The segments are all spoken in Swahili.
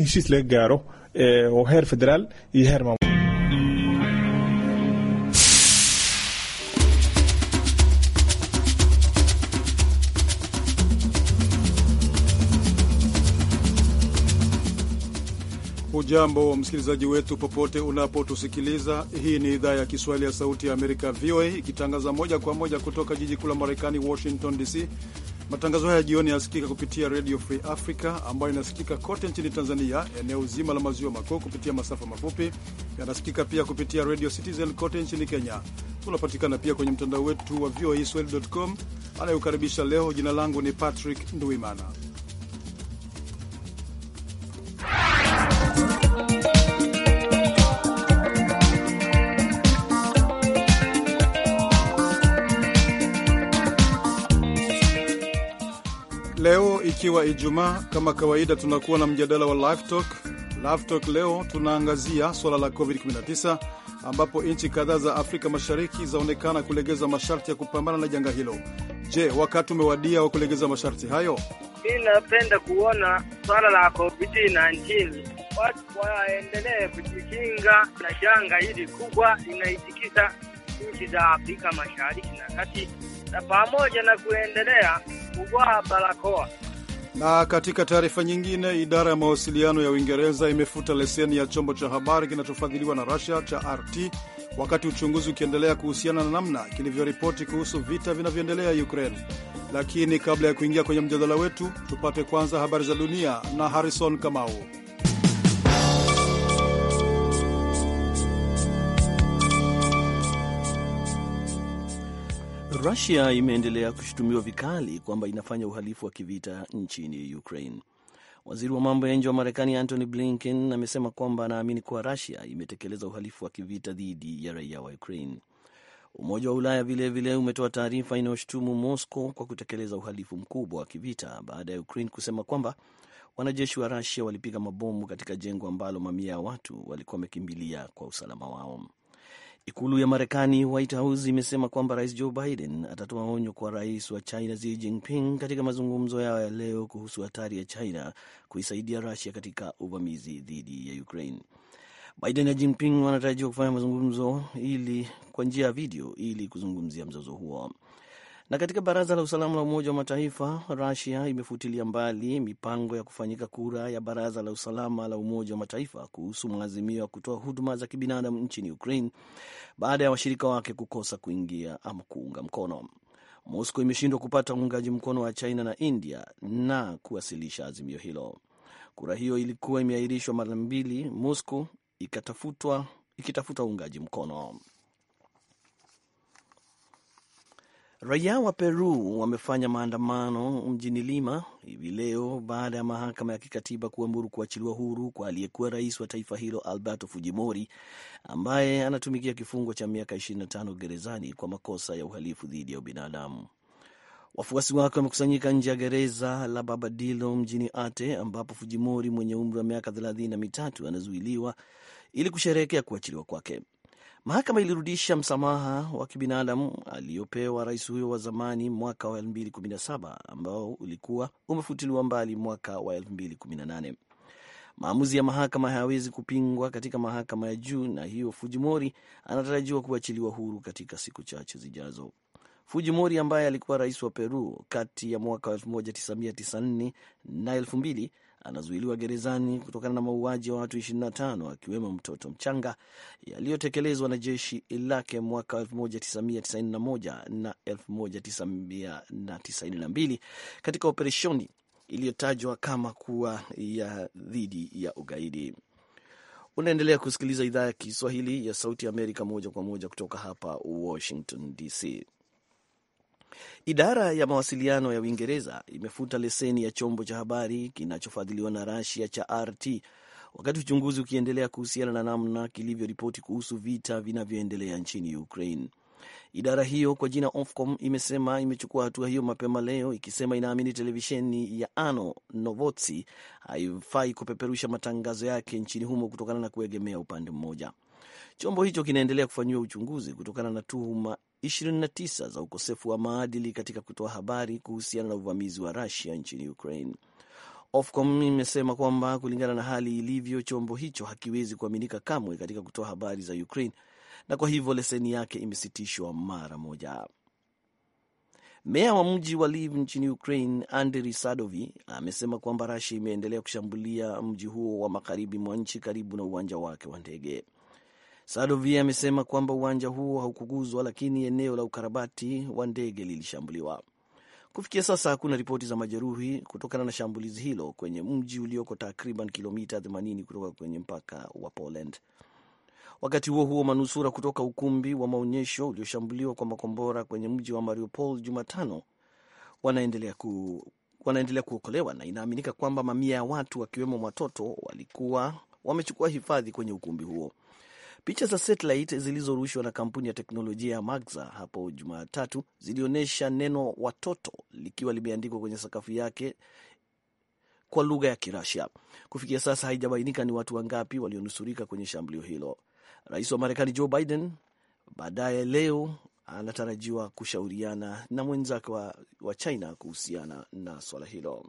heshiis laga gaaro oo eh, heer federaal iyo heer maamul Hujambo msikilizaji wetu popote unapotusikiliza. Hii ni idhaa ya Kiswahili ya Sauti ya Amerika, VOA, ikitangaza moja kwa moja kutoka jiji kuu la Marekani, Washington DC. Matangazo haya ya jioni yanasikika kupitia Radio Free Africa ambayo inasikika kote nchini Tanzania, eneo zima la maziwa makuu kupitia masafa mafupi. Yanasikika pia kupitia Radio Citizen kote nchini Kenya. Tunapatikana pia kwenye mtandao wetu wa voaswahili.com. Anayeukaribisha leo, jina langu ni Patrick Nduimana. Leo ikiwa Ijumaa, kama kawaida, tunakuwa na mjadala wa live talk. Live talk leo tunaangazia swala la COVID-19 ambapo nchi kadhaa za Afrika Mashariki zaonekana kulegeza masharti ya kupambana na janga hilo. Je, wakati umewadia wa kulegeza masharti hayo? napenda kuona swala la COVID-19 watu waendelee kujikinga na janga hili kubwa linaitikisa nchi za Afrika Mashariki na kati, na pamoja na kuendelea kuvaa barakoa. Na katika taarifa nyingine, idara ya mawasiliano ya Uingereza imefuta leseni ya chombo cha habari kinachofadhiliwa na Russia cha RT wakati uchunguzi ukiendelea kuhusiana na namna kilivyoripoti kuhusu vita vinavyoendelea Ukraine. Lakini kabla ya kuingia kwenye mjadala wetu, tupate kwanza habari za dunia na Harrison Kamau. Rusia imeendelea kushutumiwa vikali kwamba inafanya uhalifu wa kivita nchini Ukraine. Waziri wa mambo ya nje wa Marekani Antony Blinken amesema kwamba anaamini kuwa Rusia imetekeleza uhalifu wa kivita dhidi ya raia wa Ukraine. Umoja wa Ulaya vilevile umetoa taarifa inayoshutumu Moscow kwa kutekeleza uhalifu mkubwa wa kivita baada ya Ukraine kusema kwamba wanajeshi wa Rusia walipiga mabomu katika jengo ambalo mamia ya watu walikuwa wamekimbilia kwa usalama wao. Ikulu ya Marekani, White House, imesema kwamba Rais Joe Biden atatoa onyo kwa rais wa China Xi Jinping katika mazungumzo yao ya leo kuhusu hatari ya China kuisaidia Rusia katika uvamizi dhidi ya Ukraine. Biden na Jinping wanatarajiwa kufanya mazungumzo ili kwa njia ya video ili kuzungumzia mzozo huo. Na katika baraza la usalama la Umoja wa Mataifa, Rusia imefutilia mbali mipango ya kufanyika kura ya baraza la usalama la Umoja wa Mataifa kuhusu maazimio ya kutoa huduma za kibinadamu nchini Ukraine baada ya washirika wake kukosa kuingia ama kuunga mkono. mosco imeshindwa kupata uungaji mkono wa China na India na kuwasilisha azimio hilo. Kura hiyo ilikuwa imeahirishwa mara mbili, mosco ikitafuta uungaji mkono. Raia wa Peru wamefanya maandamano mjini Lima hivi leo baada ya mahakama ya kikatiba kuamuru kuachiliwa huru kwa aliyekuwa rais wa taifa hilo Alberto Fujimori ambaye anatumikia kifungo cha miaka 25 gerezani kwa makosa ya uhalifu dhidi ya ubinadamu. Wafuasi wake wamekusanyika nje ya gereza la Babadilo mjini Ate ambapo Fujimori mwenye umri wa miaka 3 anazuiliwa ili kusherehekea kuachiliwa kwake. Mahakama ilirudisha msamaha wa kibinadamu aliyopewa rais huyo wa zamani mwaka wa 2017 ambao ulikuwa umefutiliwa mbali mwaka wa 2018. Maamuzi ya mahakama hayawezi kupingwa katika mahakama ya juu, na hiyo Fujimori anatarajiwa kuachiliwa huru katika siku chache zijazo. Fujimori ambaye alikuwa rais wa Peru kati ya mwaka 1994 na anazuiliwa gerezani kutokana na mauaji ya watu 25 akiwemo mtoto mchanga yaliyotekelezwa na jeshi lake mwaka 1991 na 1992 katika operesheni iliyotajwa kama kuwa ya dhidi ya ugaidi. Unaendelea kusikiliza idhaa ya Kiswahili ya Sauti ya Amerika moja kwa moja kutoka hapa Washington DC. Idara ya mawasiliano ya Uingereza imefuta leseni ya chombo cha habari kinachofadhiliwa na Rasia cha RT wakati uchunguzi ukiendelea kuhusiana na namna kilivyoripoti kuhusu vita vinavyoendelea nchini Ukraine. Idara hiyo kwa jina Ofcom imesema imechukua hatua hiyo mapema leo, ikisema inaamini televisheni ya Ano Novosti haifai kupeperusha matangazo yake nchini humo kutokana na kuegemea upande mmoja. Chombo hicho kinaendelea kufanyiwa uchunguzi kutokana na tuhuma 29 za ukosefu wa maadili katika kutoa habari kuhusiana na uvamizi wa Rusia nchini Ukraine. Ofcom imesema kwamba kulingana na hali ilivyo, chombo hicho hakiwezi kuaminika kamwe katika kutoa habari za Ukraine na kwa hivyo leseni yake imesitishwa mara moja. Meya wa mji wa Lviv nchini Ukraine, andri Sadovi, amesema kwamba Rasia imeendelea kushambulia mji huo wa magharibi mwa nchi karibu na uwanja wake wa ndege. Sadovia amesema kwamba uwanja huo haukuguzwa, lakini eneo la ukarabati wa ndege lilishambuliwa. Kufikia sasa hakuna ripoti za majeruhi kutokana na shambulizi hilo kwenye mji ulioko takriban kilomita 80 kutoka kwenye mpaka wa Poland. Wakati huo huo, manusura kutoka ukumbi wa maonyesho ulioshambuliwa kwa makombora kwenye mji wa Mariupol Jumatano wanaendelea ku, wanaendelea kuokolewa na inaaminika kwamba mamia ya watu wakiwemo watoto walikuwa wamechukua hifadhi kwenye ukumbi huo. Picha za satellite zilizorushwa na kampuni ya teknolojia ya Maxar hapo Jumatatu zilionyesha neno watoto likiwa limeandikwa kwenye sakafu yake kwa lugha ya Kirasia. Kufikia sasa haijabainika ni watu wangapi walionusurika kwenye shambulio hilo. Rais wa Marekani Joe Biden baadaye leo anatarajiwa kushauriana na mwenzake wa, wa China kuhusiana na swala hilo.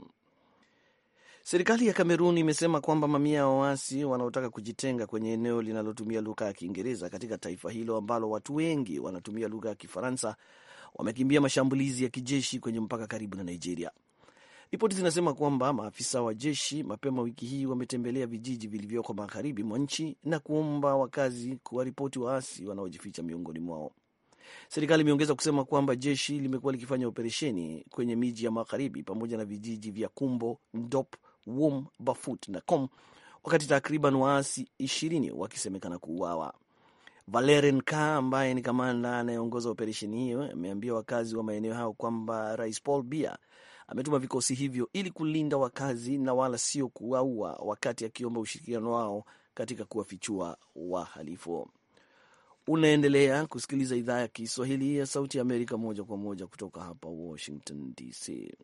Serikali ya Kamerun imesema kwamba mamia ya waasi wanaotaka kujitenga kwenye eneo linalotumia lugha ya Kiingereza katika taifa hilo ambalo watu wengi wanatumia lugha ya Kifaransa wamekimbia mashambulizi ya kijeshi kwenye mpaka karibu na Nigeria. Ripoti zinasema kwamba maafisa wa jeshi mapema wiki hii wametembelea vijiji vilivyoko magharibi mwa nchi na kuomba wakazi kuwaripoti waasi wanaojificha miongoni mwao. Serikali imeongeza kusema kwamba jeshi limekuwa likifanya operesheni kwenye miji ya magharibi pamoja na vijiji vya Kumbo, Ndop, wombafut.com wakati takriban waasi ishirini wakisemekana kuuawa. Valerin Ka ambaye ni kamanda anayeongoza operesheni hiyo ameambia wakazi wa maeneo hayo kwamba Rais Paul Bia ametuma vikosi hivyo ili kulinda wakazi na wala sio kuwaua, wakati akiomba ushirikiano wao katika kuwafichua wahalifu. Unaendelea kusikiliza idhaa ya Kiswahili ya Sauti ya Amerika moja kwa moja kutoka hapa Washington DC.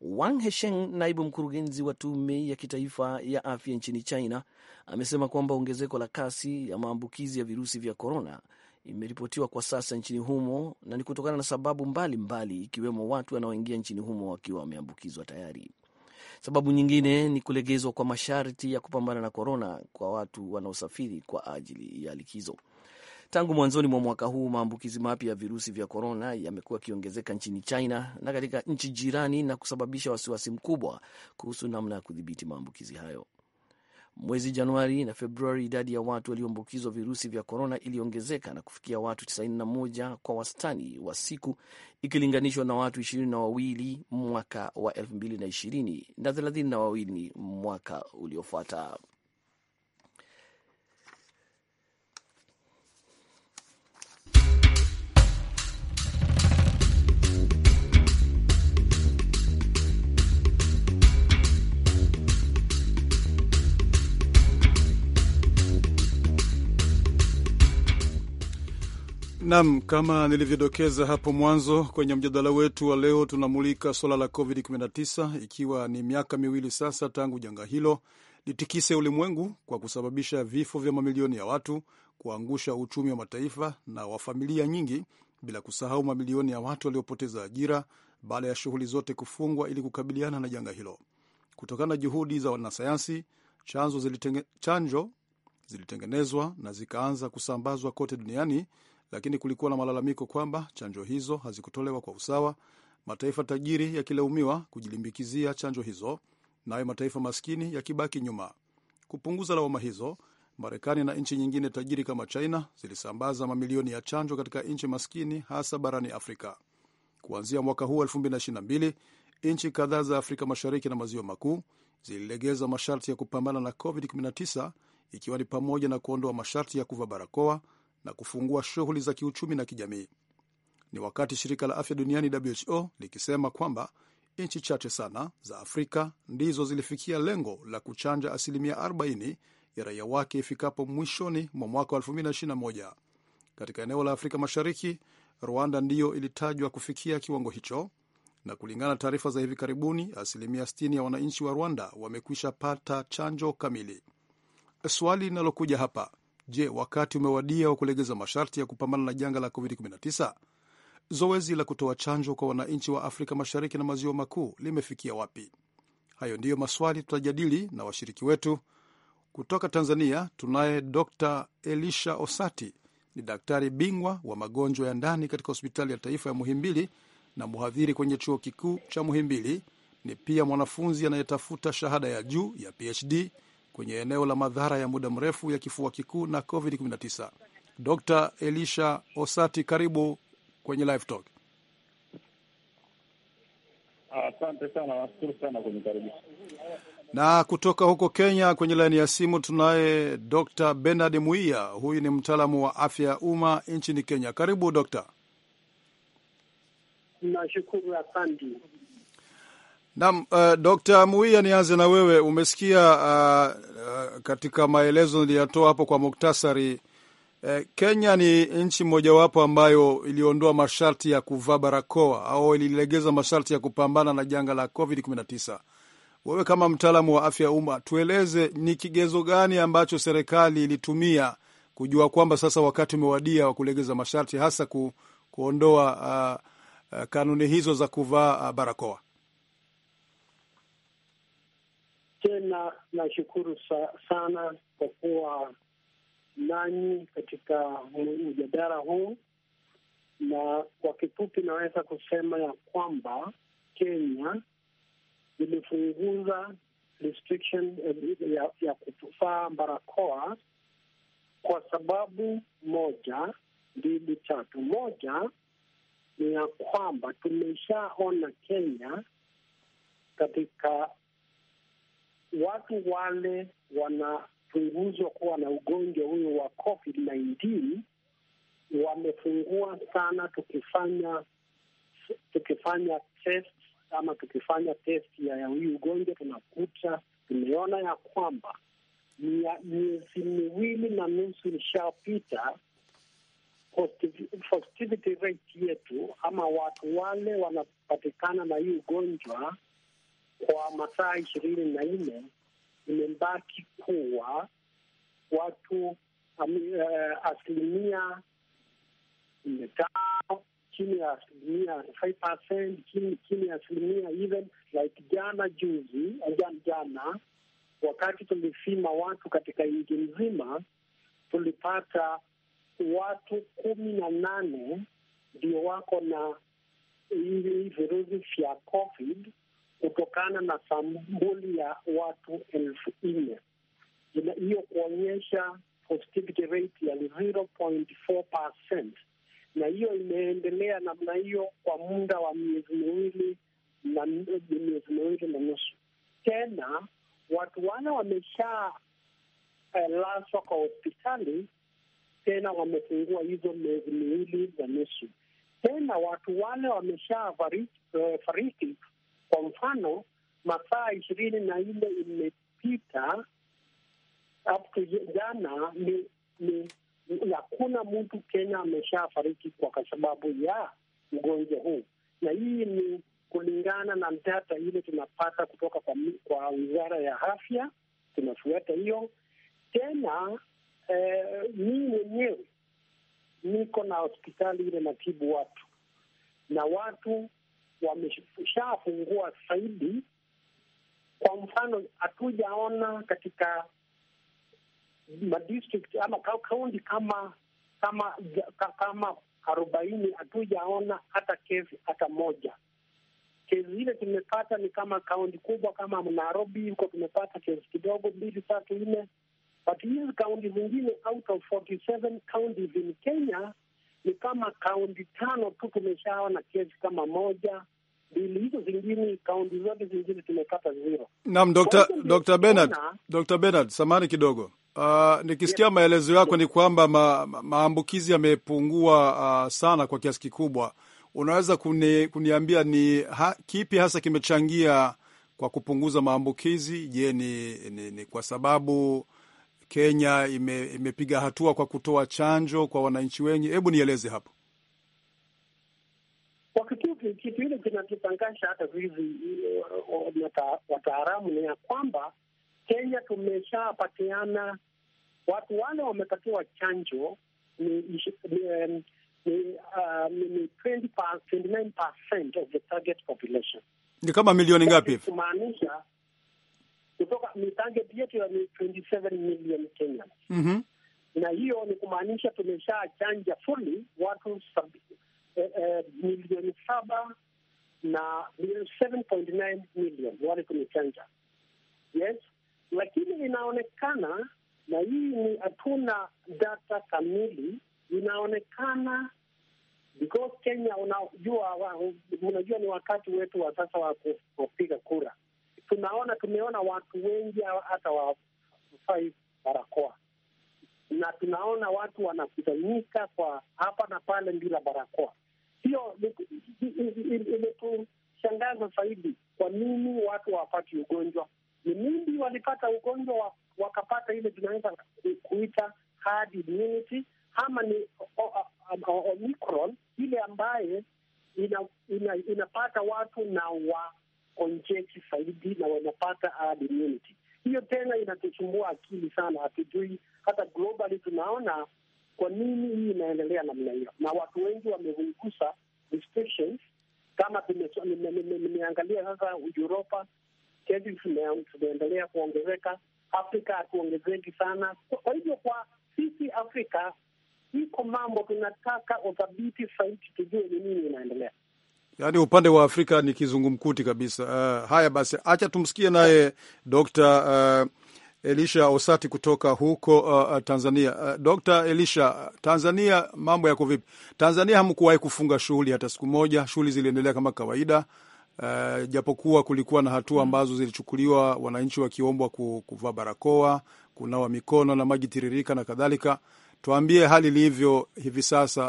Wang Hesheng, naibu mkurugenzi wa tume ya kitaifa ya afya nchini China, amesema kwamba ongezeko la kasi ya maambukizi ya virusi vya korona imeripotiwa kwa sasa nchini humo na ni kutokana na sababu mbalimbali mbali, ikiwemo watu wanaoingia nchini humo wakiwa wameambukizwa tayari. Sababu nyingine ni kulegezwa kwa masharti ya kupambana na korona kwa watu wanaosafiri kwa ajili ya likizo. Tangu mwanzoni mwa mwaka huu maambukizi mapya ya virusi vya korona yamekuwa yakiongezeka nchini China na katika nchi jirani na kusababisha wasiwasi mkubwa kuhusu namna ya kudhibiti maambukizi hayo. Mwezi Januari na Februari, idadi ya watu walioambukizwa virusi vya korona iliongezeka na kufikia watu 91 kwa wastani wa siku ikilinganishwa na watu 22 na wawili mwaka wa 2020 na 32 na mwaka uliofuata. Nam, kama nilivyodokeza hapo mwanzo kwenye mjadala wetu wa leo, tunamulika suala la COVID-19 ikiwa ni miaka miwili sasa tangu janga hilo litikise ulimwengu kwa kusababisha vifo vya mamilioni ya watu, kuangusha uchumi wa mataifa na wa familia nyingi, bila kusahau mamilioni ya watu waliopoteza ajira baada ya shughuli zote kufungwa ili kukabiliana na janga hilo. Kutokana na juhudi za wanasayansi, zilitenge, chanjo zilitengenezwa na zikaanza kusambazwa kote duniani lakini kulikuwa na malalamiko kwamba chanjo hizo hazikutolewa kwa usawa, mataifa tajiri yakilaumiwa kujilimbikizia chanjo hizo, nayo mataifa maskini yakibaki nyuma. Kupunguza lawama hizo, Marekani na nchi nyingine tajiri kama China zilisambaza mamilioni ya chanjo katika nchi maskini, hasa barani Afrika. Kuanzia mwaka huu 2022 nchi kadhaa za Afrika Mashariki na Maziwa Makuu zililegeza masharti ya kupambana na COVID-19 ikiwa ni pamoja na kuondoa masharti ya kuvaa barakoa, na kufungua shughuli za kiuchumi na kijamii. Ni wakati shirika la afya duniani WHO likisema kwamba nchi chache sana za Afrika ndizo zilifikia lengo la kuchanja asilimia 40 ya raia wake ifikapo mwishoni mwa mwaka 2021. Katika eneo la Afrika Mashariki, Rwanda ndiyo ilitajwa kufikia kiwango hicho, na kulingana na taarifa za hivi karibuni, asilimia 60 ya wananchi wa Rwanda wamekwisha pata chanjo kamili. Swali linalokuja hapa, Je, wakati umewadia wa kulegeza masharti ya kupambana na janga la COVID-19? Zoezi la kutoa chanjo kwa wananchi wa Afrika Mashariki na Maziwa Makuu limefikia wapi? Hayo ndiyo maswali tutajadili na washiriki wetu. Kutoka Tanzania tunaye Dr Elisha Osati, ni daktari bingwa wa magonjwa ya ndani katika hospitali ya taifa ya Muhimbili na mhadhiri kwenye chuo kikuu cha Muhimbili. Ni pia mwanafunzi anayetafuta shahada ya juu ya PhD kwenye eneo la madhara ya muda mrefu ya kifua kikuu na COVID-19. Dr. Elisha Osati, karibu kwenye Live Talk. Asante sana, nashukuru sana karibu. Na kutoka huko Kenya kwenye laini ya simu tunaye Dr. Bernard Muia, huyu ni mtaalamu wa afya ya umma nchini Kenya. Karibu Dr. Nashukuru asante. Naam, uh, eh, Dr. Muia, nianze na wewe. Umesikia uh, uh, katika maelezo niliyatoa hapo kwa muktasari uh, Kenya ni nchi mojawapo ambayo iliondoa masharti ya kuvaa barakoa au ililegeza masharti ya kupambana na janga la COVID-19. Wewe kama mtaalamu wa afya ya umma, tueleze ni kigezo gani ambacho serikali ilitumia kujua kwamba sasa wakati umewadia wa kulegeza masharti hasa ku, kuondoa uh, uh, kanuni hizo za kuvaa uh, barakoa? Tena nashukuru sa, sana kwa kuwa nanyi katika mjadala huu, na kwa kifupi naweza kusema ya kwamba Kenya ilifunguza restriction ya, ya kuvaa barakoa kwa sababu moja mbili tatu. Moja ni ya kwamba tumeshaona Kenya katika watu wale wanachunguzwa kuwa na ugonjwa huyo wa COVID-19 wamefungua sana, tukifanya tukifanya test ama tukifanya test ya huyu ugonjwa tunakuta, tumeona ya kwamba miezi miwili na nusu ilishapita, positivity rate yetu ama watu wale wanapatikana na hii ugonjwa kwa masaa ishirini na nne imebaki kuwa watu um, eh, asilimia imetano chini ya asilimia chini ya asilimia even like jana juzi eh, jana jana, wakati tulisima watu katika nchi nzima tulipata watu kumi na nane ndio wako na hivi virusi vya COVID kutokana na sambuli ya watu elfu nne hiyo kuonyesha positivity rate ya 0.4%, na hiyo imeendelea namna hiyo kwa muda wa miezi miwili na miezi miwili na nusu. Tena watu wale wameshalaswa eh, kwa hospitali tena wamefungua hizo miezi miwili na nusu. Tena watu wale wameshafariki eh, kwa mfano masaa ishirini na nne imepita up jana, ni, ni hakuna mtu Kenya ameshafariki kwa sababu ya ugonjwa huu, na hii ni kulingana na data ile tunapata kutoka kwa, kwa wizara ya afya. Tunafuata hiyo tena. Eh, mii mwenyewe niko na hospitali ile natibu watu na watu wameshafungua zaidi. Kwa mfano, hatujaona katika madistrict ama kaunti kama kama kama arobaini, hatujaona hata kesi hata moja. Kesi ile tumepata ni kama kaunti kubwa kama Nairobi huko tumepata kesi kidogo mbili tatu nne, but hizi kaunti zingine out of 47 counties in Kenya ni kama kaunti tano tu tumeshawa na kesi kama moja mbili, hizo zingine kaunti zote zingine tumepata zero. Naam, Dr. Bernard, Dr. Bernard, samani kidogo Uh, nikisikia yeah, maelezo yako yeah, ni kwamba ma, ma, maambukizi yamepungua uh, sana kwa kiasi kikubwa. Unaweza kuni, kuniambia ni ha, kipi hasa kimechangia kwa kupunguza maambukizi? Je, ni, ni, ni kwa sababu Kenya ime, imepiga hatua kwa kutoa chanjo kwa wananchi wengi. Hebu nieleze hapo. Kwa kitu ile kinachotangasha hata hizi eh, wataalamu ni ya kwamba Kenya tumeshapatiana watu wale wamepatiwa chanjo ni, ah, ni, ni, ni 29% of the target population. Ni kama milioni ngapi hivi? Kumaanisha kutoka ni target yetu ya 27 million Kenya mm -hmm. Na hiyo ni kumaanisha tumeshachanja fully watu sabi, eh, eh, milioni saba na 7.9 million wale tumechanja, yes, lakini inaonekana na hii ni hatuna data kamili, inaonekana because Kenya unajua, unajua ni wakati wetu wa sasa wa kupiga kura tunaona tumeona watu wengi hata wafai barakoa, na tunaona watu wanakusanyika kwa hapa na pale bila barakoa. Hiyo imetushangaza zaidi. Kwa nini watu wapati ugonjwa? Ni nini walipata ugonjwa wakapata ile tunaweza kuita herd immunity ama ni Omicron ile ambaye ina, ina, inapata watu na wa onyeki zaidi na wanapata herd immunity. Hiyo tena inatusumbua akili sana, hatujui hata globally tunaona kwa nini hii inaendelea namna hiyo, na watu wengi wamegusa restrictions kama nimeangalia sasa Uropa kesi zimeendelea kuongezeka, Afrika hatuongezeki sana. Kwa hivyo kwa sisi Afrika iko mambo tunataka uthabiti zaidi, tujue ni nini inaendelea. Yaani upande wa Afrika ni kizungumkuti kabisa. Uh, haya basi, acha tumsikie naye Dr. uh, Elisha Osati kutoka huko uh, uh Tanzania. Uh, Dr. Elisha, Tanzania mambo yako vipi? Tanzania hamkuwahi kufunga shughuli hata siku moja, shughuli ziliendelea kama kawaida. Uh, japokuwa kulikuwa na hatua ambazo zilichukuliwa, wananchi wakiombwa kuvaa barakoa, kunawa mikono na maji tiririka na kadhalika. Tuambie hali ilivyo hivi sasa.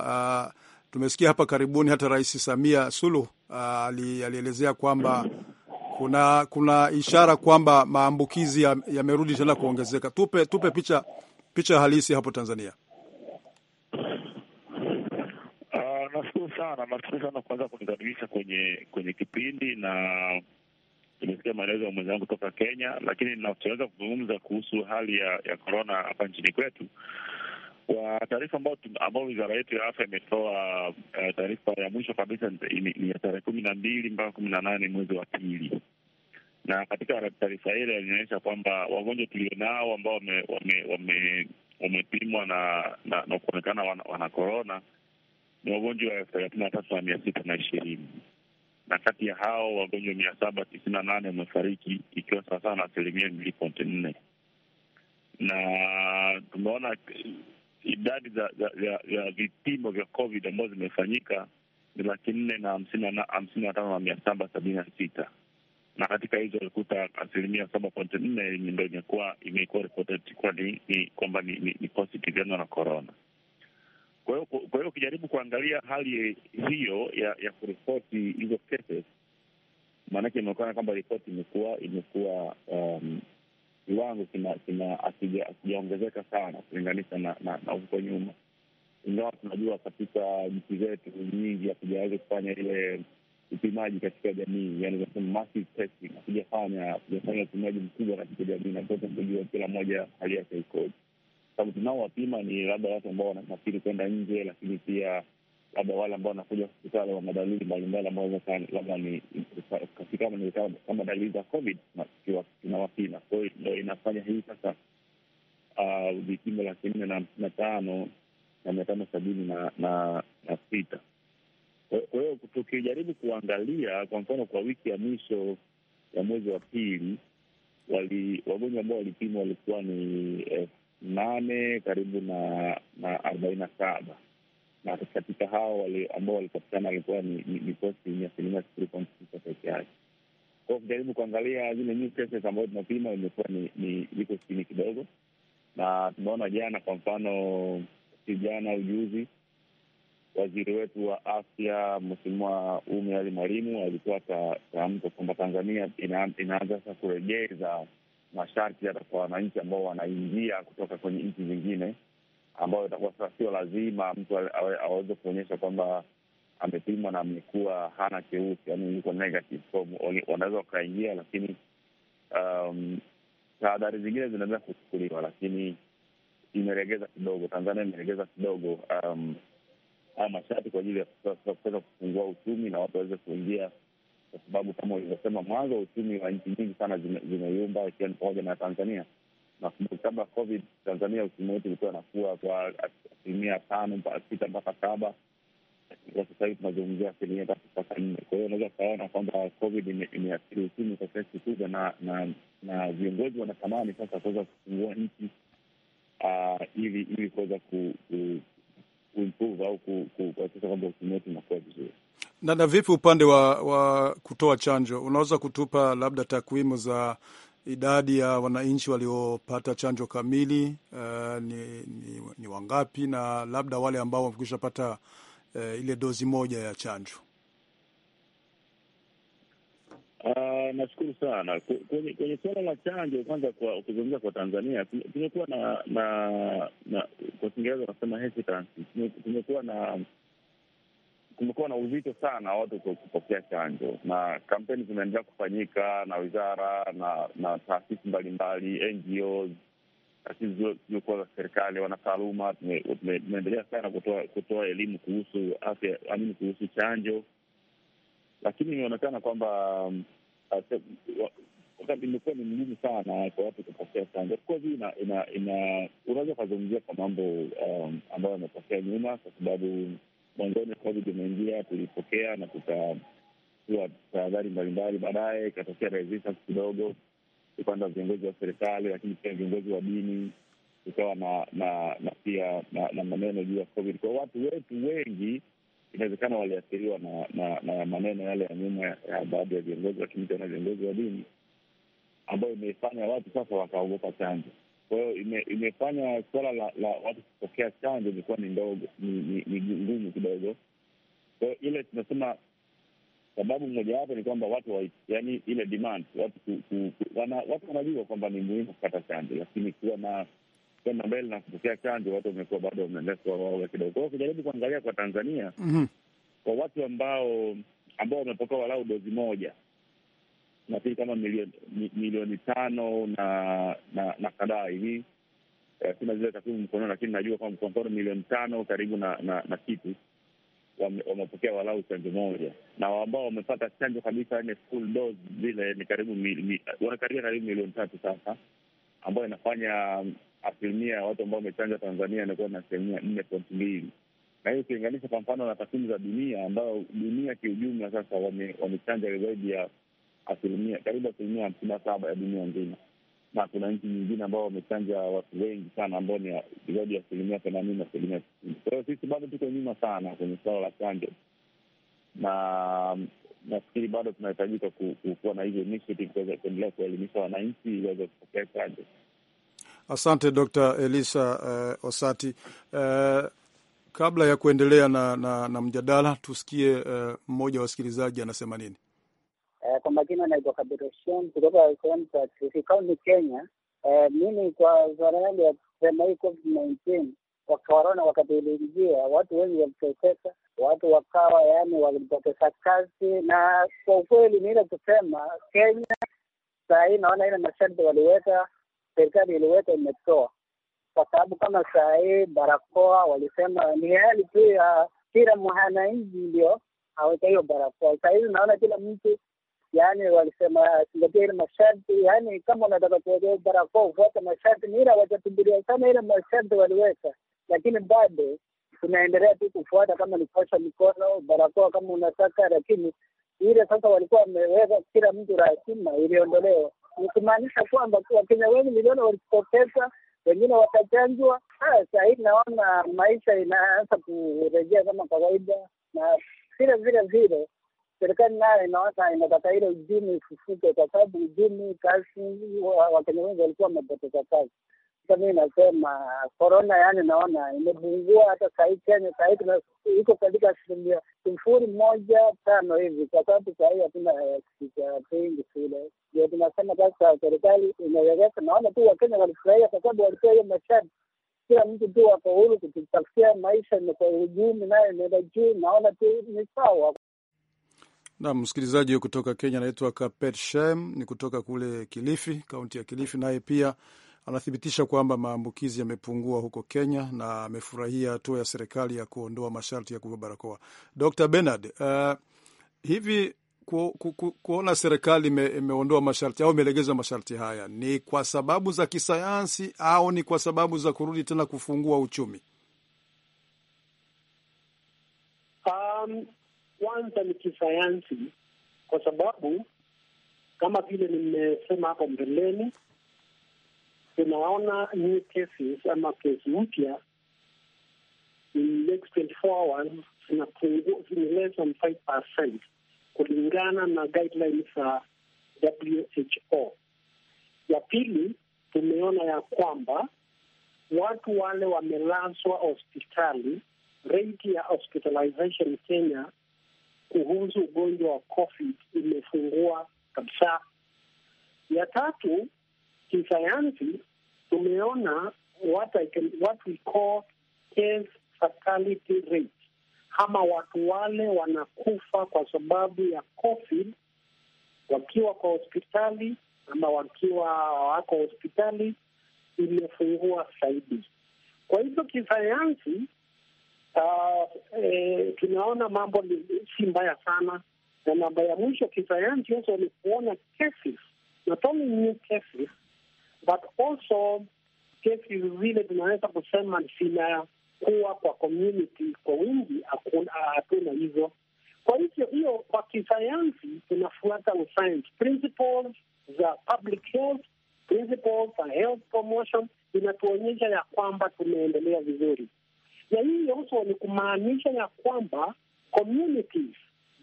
Uh, Tumesikia hapa karibuni hata Rais Samia Suluhu uh, alielezea kwamba kuna kuna ishara kwamba maambukizi yamerudi ya tena kuongezeka. Tupe tupe picha picha halisi hapo Tanzania. Uh, nashukuru sana, nashukuru sana kwanza kunikaribisha kwenye kwenye kipindi na nimesikia maelezo ya mwenzangu kutoka Kenya, lakini nachoweza kuzungumza kuhusu hali ya ya korona hapa nchini kwetu kwa taarifa ambayo wizara yetu ya afya imetoa, uh, taarifa ya mwisho kabisa ni ya tarehe kumi na mbili mpaka kumi na nane mwezi wa pili, na katika taarifa ile alionyesha kwamba wagonjwa tulionao ambao wamepimwa wame, wame, wame na, na, na kuonekana wana, wana korona ni wagonjwa elfu thelathini na tatu na mia sita na ishirini na kati ya hao wagonjwa mia saba tisini na nane wamefariki ikiwa sawasawa na asilimia mbili pointi nne na tumeona idadi za, za, ya, ya vipimo vya COVID ambazo zimefanyika ni laki nne na hamsini na tano na mia saba sabini na sita na katika hizo walikuta asilimia saba pointi nne ndo imekuwa imekuwa ripoti kuwa ni kwamba ni positive na corona. Kwa hiyo kwa hiyo ukijaribu kuangalia hali hiyo ya ya kuripoti hizo cases, maanake imeonekana kwamba ripoti imekuwa imekuwa um, kiwango akijaongezeka sana kulinganisha na, na, na huko nyuma, ingawa tunajua katika nchi zetu nyingi hatujaweza kufanya ile upimaji katika jamii, yani massive testing, hatujafanya hatujafanya upimaji mkubwa katika jamii na kuweza kujua kila moja hali yake ikoje, sababu tunaowapima ni labda watu ambao wanasafiri kwenda nje, lakini pia labda wale ambao wanakuja hospitali wana dalili mbalimbali ambazo labda ni kama dalili za COVID tunawapima. Kwa hiyo ndo inafanya hii sasa ah, vipimo laki nne na hamsini na tano na mia tano sabini na sita. Kwa hiyo tukijaribu kuangalia, kwa mfano, kwa wiki ya mwisho ya mwezi wa pili wagonjwa ambao walipimwa walikuwa ni elfu eh, nane karibu na arobaini na saba na katika hao ambao walipatikana walikuwa ni kosti ni asilimia sifuri pointi tisa peke yake. Kwa kujaribu kuangalia zile new cases ambayo tunapima imekuwa ni iko chini kidogo, na tumeona jana, kwa mfano si jana, ujuzi waziri wetu wa afya Mheshimiwa Umi Ali Mwalimu alikuwa taamko kwamba Tanzania inaanza sasa kurejeza masharti hata kwa wananchi ambao wanaingia kutoka kwenye nchi zingine ambayo itakuwa sasa sio lazima mtu aweze kuonyesha kwamba amepimwa na amekuwa hana keusi, yani yuko negative. So wanaweza wakaingia, lakini um, tahadhari zingine zinaweza kuchukuliwa, lakini imeregeza kidogo. Tanzania imeregeza kidogo um, haya masharti kwa ajili ya kuweza kufungua uchumi na watu waweze kuingia, kwa sababu kama ulivyosema mwanzo, uchumi wa nchi nyingi sana zimeyumba, ikiwa ni pamoja na Tanzania kabla COVID Tanzania uchumi wetu ulikuwa nakua kwa asilimia tano sita mpaka saba kwa sasa hivi tunazungumzia asilimia tatu mpaka nne. Kwa hiyo unaweza ukaona kwamba COVID imeathiri uchumi kwa kiasi kikubwa, na na viongozi wanatamani sasa kuweza kufungua nchi ah, ili ili kuweza kuimprove au kuhakikisha kwamba uchumi wetu unakuwa vizuri. Na na vipi upande wa, wa kutoa chanjo, unaweza kutupa labda takwimu za idadi ya wananchi waliopata chanjo kamili uh, ni, ni, ni wangapi na labda wale ambao wamekwisha pata uh, ile dozi moja ya chanjo? Uh, nashukuru sana kwenye, kwenye suala la chanjo. Kwanza kwa kuzungumza kwa Tanzania, tumekuwa na na, na kwa Kiingereza wanasema hesitancy, tumekuwa na kumekuwa na uzito sana watu kupokea chanjo, na kampeni zimeendelea kufanyika na wizara na na taasisi mbalimbali, NGOs, taasisi zilizokuwa za serikali, wanataaluma, tumeendelea sana kutoa kutoa elimu kuhusu afya, amini kuhusu chanjo, lakini imeonekana kwamba imekuwa ni mgumu sana kwa watu kupokea chanjo. Of course ina, ina, ina unaweza ukazungumzia kwa mambo um, ambayo yamepokea nyuma, kwa sababu mwanzoni COVID imeingia, tulipokea na tukachukua tahadhari mbalimbali. Baadaye ikatokea resistance kidogo upande wa viongozi wa serikali, lakini pia viongozi wa dini, tukawa na na na pia na, na maneno juu ya COVID. Kwa watu wetu wengi inawezekana waliathiriwa na, na, na maneno yale ya nyuma ya baadhi ya viongozi, lakini pia na viongozi wa dini ambayo imefanya watu sasa wakaogopa chanjo. Kwa hiyo ime, imefanya suala la, la watu kupokea chanjo imekuwa ni ndogo, ni ngumu kidogo. Kwa hiyo ile tunasema sababu mojawapo ni kwamba watu wa, yani ile demand watu ku, ku, ku, wana, watu wanajua kwamba ni muhimu kupata chanjo, lakini kuwa na kwenda mbele na kupokea chanjo watu wamekuwa bado wameendelea waoga kidogo. Kwa hiyo kuangalia kwa Tanzania mm -hmm. kwa watu ambao ambao wamepokea walau dozi moja nafikiri kama milioni, milioni tano na na, na kadhaa hivi eh, sina zile takwimu mkononi, lakini najua kwa mfano milioni tano karibu na na, na kitu wamepokea wame walau chanjo moja, na ambao wamepata chanjo kabisa, yani full dose zile ni karibu wanakaribia karibu milioni tatu sasa, ambayo inafanya asilimia ya watu ambao wamechanja Tanzania inakuwa na asilimia nne pointi mbili na hiyo ukilinganisha kwa mfano na takwimu za dunia ambayo dunia kiujumla sasa wamechanja wame zaidi ya asilimia karibu asilimia hamsini na saba ya dunia nzima, na kuna nchi nyingine ambao wamechanja watu wengi sana ambao ni zaidi ya asilimia themanini na asilimia tisini. Kwa hiyo sisi bado tuko nyuma sana kwenye suala la chanjo, na nafikiri bado tunahitajika kuwa na hizo initiative kuweza kuendelea kuelimisha wananchi waweze kupokea chanjo. Asante Dr. Elisa uh, Osati uh, kabla ya kuendelea na, na, na mjadala tusikie uh, mmoja wa wasikilizaji anasema nini. Eh, kwa majina naitwa Kabiro Shen kutoka kaunti Kenya. Eh, mimi kwa swala yangu ya kusema hii COVID 19 kwa korona, wakati iliingia watu wengi waliteseka, watu wakawa yani walipoteza kazi, na kwa ukweli niile kusema Kenya saa hii naona ile masharti waliweka, serikali iliweka imetoa, kwa sababu kama saa hii barakoa walisema ni hali tu ya kila mwananchi ndio aweka hiyo barakoa. Saa hizi naona kila mtu yani walisema zingatia ah, masharti, yani kama unataka kuwekea barakoa ufuate masharti. Ni ile sana ile masharti waliweka, lakini bado tunaendelea tu kufuata, kama ni kuosha mikono, barakoa kama unataka, lakini ile sasa walikuwa wameweka kila mtu lazima iliondolewa, nikimaanisha kwamba Wakenya wengi niliona walitokeza wengine watachanjwa. Ah, sasa hii naona maisha inaanza kurejea kama kawaida, na vile vile vile serikali nayo inaona inataka ile uchumi ifufuke, kwa sababu uchumi kazi, Wakenya wengi walikuwa wamepoteza kazi. Sasa mi nasema korona, yani naona imepungua. Hata sahii Kenya sahii iko katika asilimia sifuri moja tano hivi, kwa sababu sahii hatuna pingi eh, vile, ndio tunasema sasa serikali imewekeza. Naona tu Wakenya walifurahia kwa sababu walipewa hiyo masharti kila mtu tu wako huru kujitafutia maisha. Imekuwa ujumi nayo imeenda juu, naona tu ni sawa na msikilizaji kutoka Kenya anaitwa Kapet Shem, ni kutoka kule Kilifi, kaunti ya Kilifi, naye pia anathibitisha kwamba maambukizi yamepungua huko Kenya na amefurahia hatua ya serikali ya kuondoa masharti ya kuvaa barakoa. Dr Bernard, uh, hivi ku, ku, ku, kuona serikali imeondoa masharti au imelegeza masharti haya ni kwa sababu za kisayansi au ni kwa sababu za kurudi tena kufungua uchumi? um kwanza ni kisayansi, kwa sababu kama vile nimesema hapo mbeleni, tunaona new cases ama kesi mpya in next 24 hours ni less than 5% kulingana na guidelines za WHO. Ya pili, tumeona ya kwamba watu wale wamelazwa hospitali, rate ya hospitalization Kenya kuhusu ugonjwa wa COVID imefungua kabisa. Ya tatu, kisayansi tumeona what I can, what we call case fatality rate, ama watu wale wanakufa kwa sababu ya COVID wakiwa kwa hospitali ama wakiwa wako hospitali imefungua zaidi. Kwa hivyo kisayansi uh, e, tunaona mambo si mbaya sana, na namba ya mwisho kisayansi also ni kuona cases, not only new cases but also kesi zile tunaweza kusema zinakuwa kwa community kwa wingi, hatuna hizo. Kwa hivyo hiyo, kwa kisayansi tunafuata uscience principles za public health, principles za health promotion, inatuonyesha ya kwamba tumeendelea vizuri ya hii yote ni kumaanisha ya kwamba communities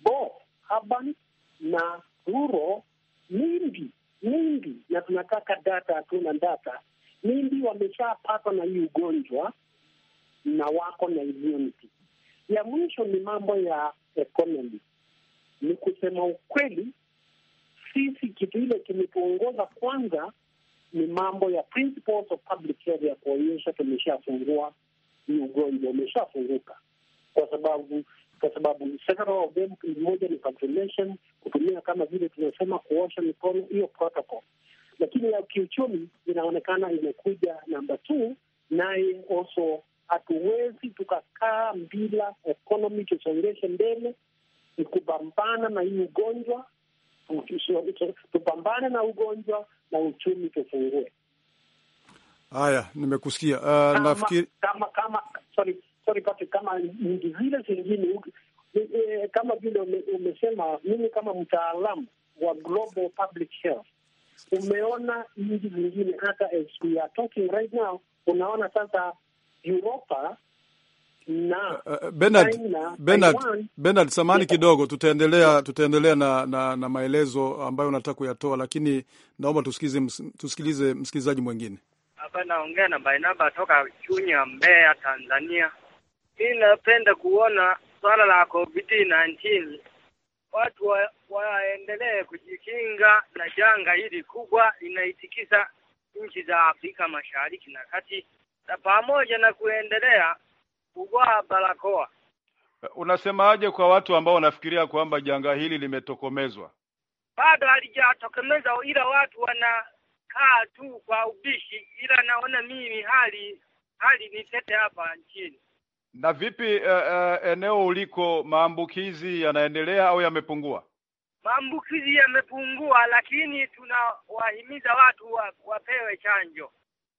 both urban na rural mingi mingi, na tunataka data, hatuna data mingi, wameshapatwa na hii ugonjwa na wako na immunity. Ya mwisho ni mambo ya economy. Ni kusema ukweli, sisi kitu ile kimetuongoza kwanza ni mambo ya principles of public health ya kuonyesha tumeshafungua ni ugonjwa umeshafunguka, kwa sababu kwa sababu several of them, moja ni vaccination, kutumia kama vile tunasema kuosha mikono, hiyo protocol. Lakini ya kiuchumi inaonekana imekuja namba two, naye also hatuwezi tukakaa bila ekonomi tusongeshe mbele, ni kupambana na hii ugonjwa, tupambane na ugonjwa na uchumi tufungue Haya, nimekusikia. Uh, nafikiri kama kama sorry sorry Patrick, kama ni zile zingine kama vile ume, umesema, mimi kama mtaalamu wa global public health, umeona nyingi zingine hata as we are talking right now, unaona sasa Europa na uh, uh, uh Bernard, China, Bernard, Bernard samani kidogo, tutaendelea tutaendelea na, na, na maelezo ambayo unataka kuyatoa, lakini naomba tusikize tusikilize msikilizaji mwingine hapa naongea na Bainaba toka Chunya, Mbeya, Tanzania. Mimi napenda kuona swala la COVID-19 watu wa, waendelee kujikinga na janga hili kubwa linaitikisa nchi za Afrika Mashariki na Kati, na pamoja na kuendelea kuvaa barakoa. Unasemaje kwa watu ambao wanafikiria kwamba janga hili limetokomezwa? Bado halijatokomezwa, ila watu wana kaa tu kwa ubishi, ila naona mimi hali hali ni tete hapa nchini. Na vipi uh, uh, eneo uliko maambukizi yanaendelea au yamepungua? Maambukizi yamepungua, lakini tunawahimiza watu wa, wapewe chanjo.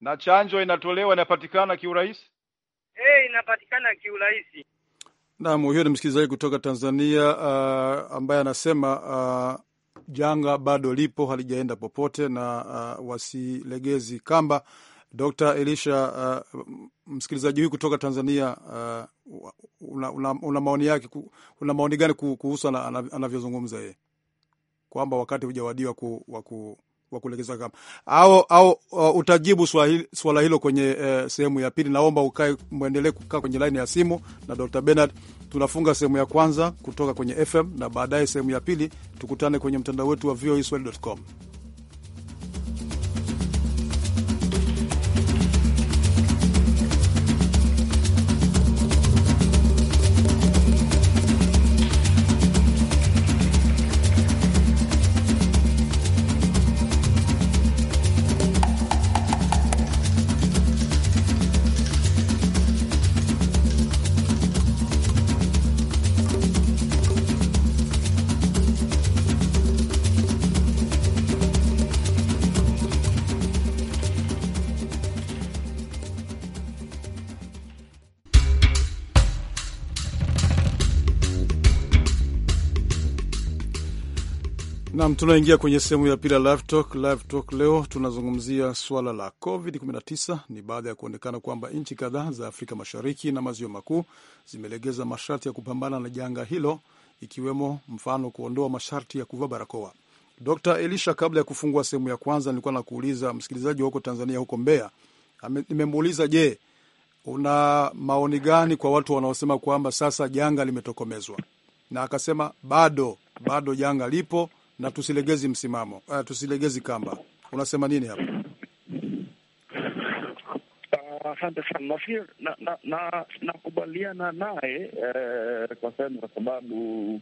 Na chanjo inatolewa inapatikana kiurahisi? Eh, inapatikana kiurahisi. Naam, huyo ni msikilizaji kutoka Tanzania uh, ambaye anasema uh, janga bado lipo, halijaenda popote na uh, wasilegezi kamba. Dr. Elisha, uh, msikilizaji huyu kutoka Tanzania, uh, una, una, una maoni yake, una maoni gani kuhusu anavyozungumza yeye kwamba wakati hujawadiwa wa ku, wa kulegeza kamba au, au uh, utajibu swala hilo kwenye uh, sehemu ya pili. Naomba ukae muendelee kukaa kwenye laini ya simu na Dr. Bernard. Tunafunga sehemu ya kwanza kutoka kwenye FM na baadaye sehemu ya pili tukutane kwenye mtandao wetu wa voaswahili.com. Nam, tunaingia kwenye sehemu ya pili ya Live Talk. Live Talk leo tunazungumzia suala la COVID-19. Ni baada ya kuonekana kwamba nchi kadhaa za Afrika Mashariki na maziwa makuu zimelegeza masharti ya kupambana na janga hilo, ikiwemo mfano kuondoa masharti ya kuvaa barakoa. Dr Elisha, kabla ya kufungua sehemu ya kwanza, nilikuwa nakuuliza msikilizaji wa huko Tanzania, huko Mbeya, nimemuuliza je, una maoni gani kwa watu wanaosema kwamba sasa janga limetokomezwa? Na akasema bado bado janga lipo na tusilegezi msimamo uh, tusilegezi kamba. Unasema nini hapa? Asante uh, sana. Nafikiri nakubaliana na, na, na naye eh, kwa sehemu kwa sababu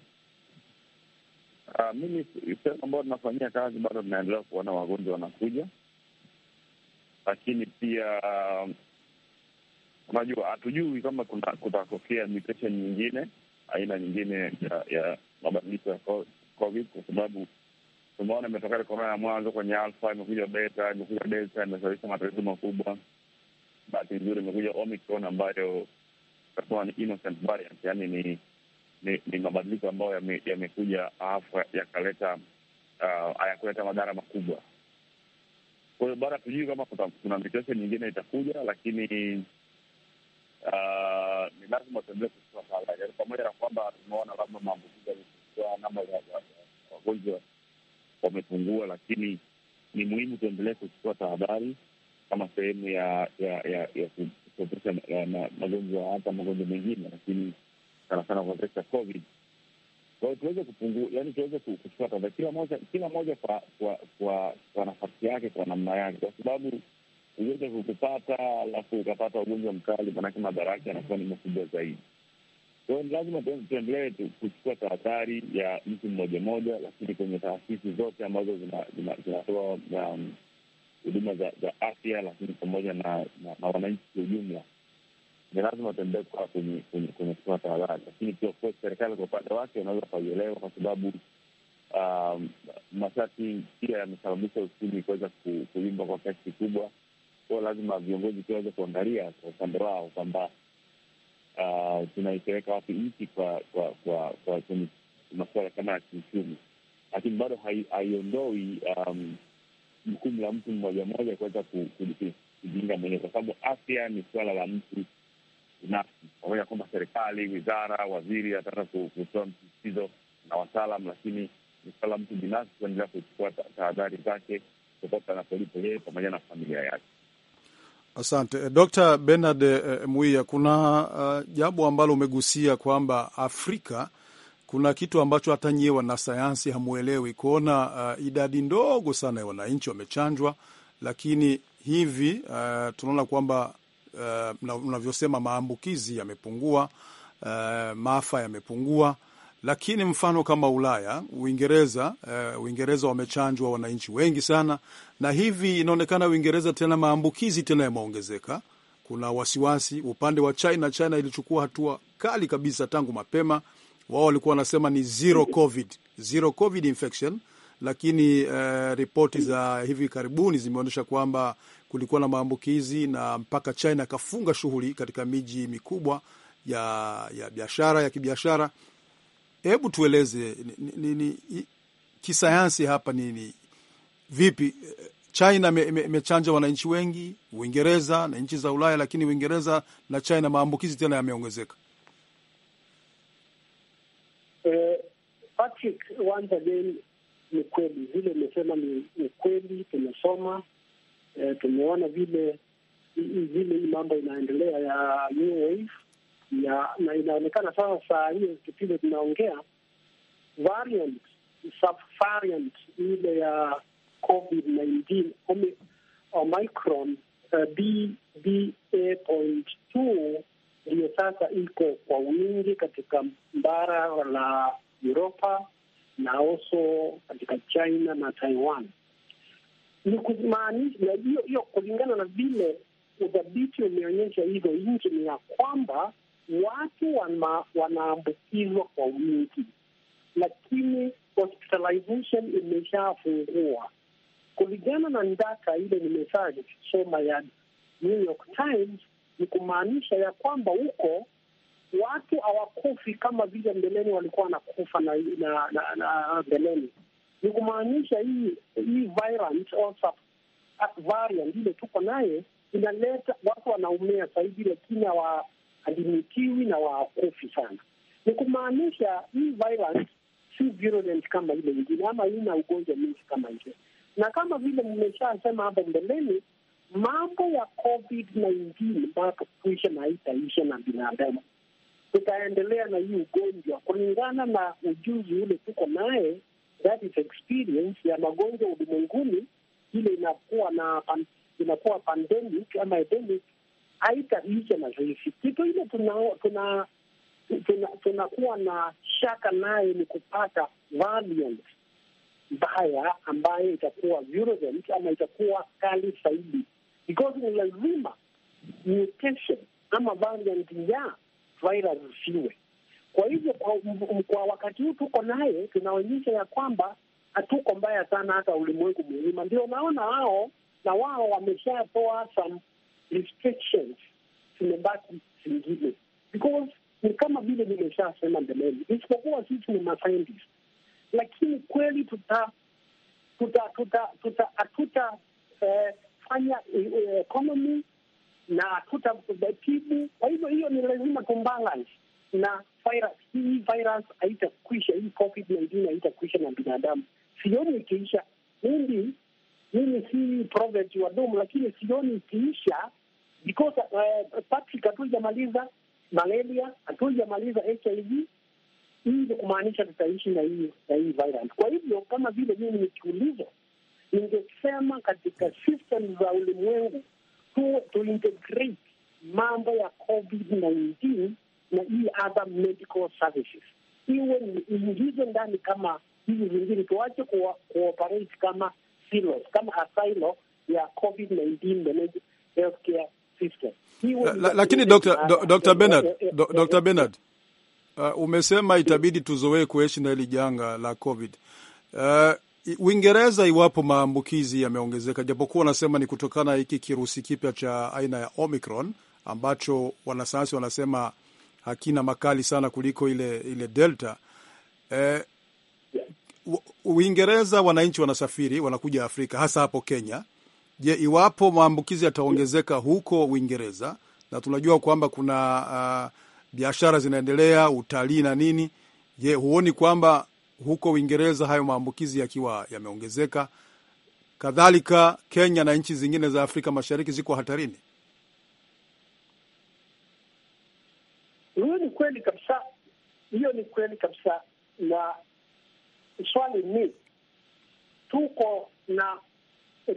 Uh, mimi sehemu ambayo tunafanyia kazi bado tunaendelea kuona wagonjwa wanakuja, lakini pia unajua, uh, hatujui kama kutatokea mutation nyingine, aina nyingine ya mabadiliko ya COVID kwa sababu tumeona imetokea korona ya mwanzo kwenye alfa, imekuja beta, imekuja delta, imesababisha matatizo makubwa. Bahati nzuri imekuja omicron ambayo itakuwa ni innocent variant, yani ni ni, ni mabadiliko ambayo yamekuja me, ya alafu yakaleta uh, hayakuleta madhara makubwa. Kwa hiyo bado hatujui kama kuna michezo nyingine itakuja, lakini uh, ni lazima tuendelee kuchukua tahadhari, pamoja na kwamba tumeona labda maambukizi kwa namba ya wagonjwa wamepungua, lakini ni muhimu tuendelee kuchukua tahadhari kama sehemu ya ya kuepusha magonjwa hata magonjwa mengine, lakini sana sana sekta COVID. tuweze kupungua, yani tuweze kuchukua tahadhari, kila moja kila moja kwa kwa kwa nafasi yake, kwa namna yake, kwa sababu uweze kukupata alafu ukapata ugonjwa mkali, manake madhara yake yanakuwa ni makubwa zaidi. Kwa hiyo lazima tuendelee kuchukua tahadhari ya mtu mmoja mmoja, lakini kwenye taasisi zote ambazo zinatoa um, huduma za afya, lakini pamoja na wananchi kiujumla, ujumla, ni lazima tuendelee kukaa kwenye kutoa tahadhari. Lakini pia of course, serikali kwa upande wake unaweza ukaielewa, kwa sababu um, masharti pia yamesababisha uchumi kuweza kuyumba kwa kiasi kikubwa. Kwao lazima viongozi pia waweze kuangalia kwa upande wao kwamba uh, tunaipeleka wapi nchi kwa kwa kwa kwa kwenye masuala kama ya kiuchumi, lakini bado haiondoi um, jukumu la mtu mmoja mmoja kuweza kujinga mwenyewe, kwa sababu afya ni suala la mtu binafsi, pamoja na kwamba serikali, wizara, waziri ataanza kutoa msisitizo na wataalam, lakini ni suala la mtu binafsi kuendelea kuchukua tahadhari zake popote anapolipo yeye pamoja na familia yake. Asante eh, Dr. Bernard eh, eh, Mwia, kuna uh, jambo ambalo umegusia kwamba Afrika kuna kitu ambacho hata nyie wanasayansi hamwelewi kuona uh, idadi ndogo sana ya wananchi wamechanjwa, lakini hivi uh, tunaona kwamba uh, unavyosema maambukizi yamepungua, uh, maafa yamepungua lakini mfano kama Ulaya, Uingereza, uh, Uingereza wamechanjwa wananchi wengi sana, na hivi inaonekana Uingereza tena maambukizi tena yameongezeka. Kuna wasiwasi upande wa China. China ilichukua hatua kali kabisa tangu mapema, wao walikuwa wanasema ni zero covid, zero covid infection lakini uh, ripoti za hivi karibuni zimeonyesha kwamba kulikuwa na maambukizi na mpaka China akafunga shughuli katika miji mikubwa ya ya biashara ya kibiashara, Hebu tueleze nini kisayansi hapa nini, vipi China imechanja wananchi wengi, Uingereza na nchi za Ulaya, lakini Uingereza na China maambukizi tena yameongezeka. Eh, Patrick, once again ni kweli vile imesema, ni kweli. Tumesoma eh, tumeona vile vile hii mambo inaendelea ya new wave na, na inaonekana sasa saa hiyo kipindi tunaongea variant ile ya covid 19 omicron eh, BA.2 ndiyo sasa iko kwa wingi katika bara la Uropa na also katika China na Taiwan. Ni kumaanisha hiyo, kulingana na vile udhabiti umeonyesha hizo nchi, ni ya kwamba watu wana, wanaambukizwa kwa wingi, lakini hospitalization imeshafungua kulingana na ndaka ile nimesoma ya New York Times, ni kumaanisha ya kwamba huko watu hawakufi kama vile mbeleni walikuwa wanakufa na na, na, na mbeleni. Ni kumaanisha hii hii variant variant ile tuko naye inaleta watu wanaumea zaidi lakini hawa halimitiwi na waakofi sana. Ni kumaanisha hii virus si virulent kama ile ingine ama ina ugonjwa mingi kama ile, na kama vile mmeshasema hapo mbeleni, mambo ya covid 19 mpaka kuisha na haitaisha na binadamu, tutaendelea na hii ugonjwa kulingana na ujuzi ule tuko naye, that is experience ya magonjwa ulimwenguni. Ile inakuwa na inakuwa pandemic ama epidemic haitaisha mazoezi. Kitu ile tunakuwa tuna, tuna, tuna, na shaka naye ni kupata variant mbaya ambayo itakuwa virulent ama itakuwa kali zaidi, because ni lazima mutation ama variant ya virus ziwe. Kwa hivyo kwa, kwa wakati huu tuko naye tunaonyesha ya kwamba hatuko mbaya sana hata ulimwengu mzima. Ndio naona wao na wao wameshatoa some restrictions zimebaki zingine, because ni kama vile nimeshasema mbeleni, isipokuwa sisi ni mascientist, lakini kweli tuta tuta tuta tuta hatutafanya eh, eh, economy na hatutatibu. Kwa hivyo hiyo ni lazima tumbalance na virus hii. Virus haitakwisha hii, COVID-19 haitakwisha na binadamu, sioni ikiisha mindi mimi si prophet wa domu, lakini sioni ikiisha because uh, Patrick hatujamaliza malaria, hatujamaliza HIV. hivyo kumaanisha tutaishi na hii na hii virus. Kwa hivyo kama vile mimi nikiulizwa, ningesema katika system za ulimwengu tu, tu integrate mambo ya COVID 19 na hii other medical services, iwe ni ingizwe ndani kama hizi zingine, tuache kuoperate kama silos kama asilo ya COVID 19 managed healthcare system. lakini Dr. Dr. Bernard Dr. Bernard uh, umesema itabidi tuzoee kuishi na hili janga la COVID. Uh, Uingereza iwapo maambukizi yameongezeka, japokuwa wanasema ni kutokana na hiki kirusi kipya cha aina ya Omicron ambacho wanasayansi wanasema hakina makali sana kuliko ile ile Delta. Uh, Uingereza wananchi wanasafiri wanakuja Afrika, hasa hapo Kenya. Je, iwapo maambukizi yataongezeka huko Uingereza, na tunajua kwamba kuna uh, biashara zinaendelea, utalii na nini, je, huoni kwamba huko Uingereza hayo maambukizi yakiwa yameongezeka, kadhalika Kenya na nchi zingine za Afrika Mashariki ziko hatarini? Hiyo ni kweli kabisa, hiyo ni kweli kabisa na swali ni tuko na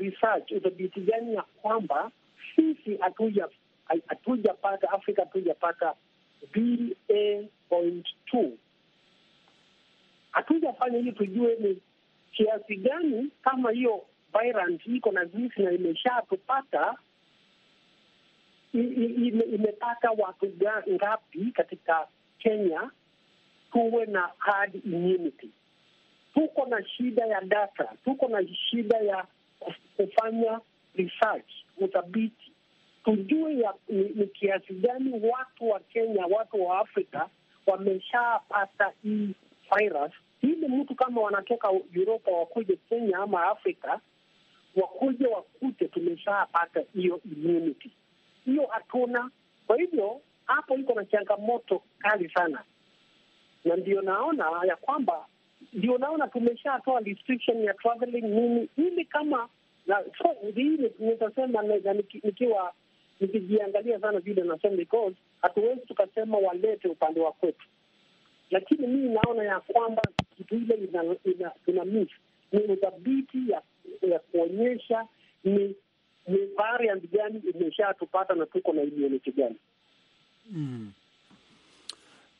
research uthabiti gani ya kwamba sisi hatujapata Afrika hatujapata BA.2 hatujafanya ili tujue ni kiasi gani kama hiyo virant iko na sisi na imeshatupata imepata watu ngapi katika Kenya tuwe na herd immunity tuko na shida ya data, tuko na shida ya kufanya research, uthabiti, tujue ya ni, ni kiasi gani watu wa Kenya, watu wa Afrika wameshapata hii virus, ili mtu kama wanatoka Uropa wakuje Kenya ama Afrika wakuje wakute tumeshapata hiyo immunity. Hiyo hatuna. Kwa hivyo hapo iko na changamoto kali sana, na ndio naona ya kwamba ndio naona tumeshatoa restriction ya traveling nini, ili kama nitasema nikiwa nikijiangalia sana vile nasema, because hatuwezi tukasema walete upande wa kwetu, lakini mii naona ya kwamba kitu ile ina miss ni udhabiti ya, ya kuonyesha ni ni variant gani imeshatupata na tuko na immunity gani. Mm.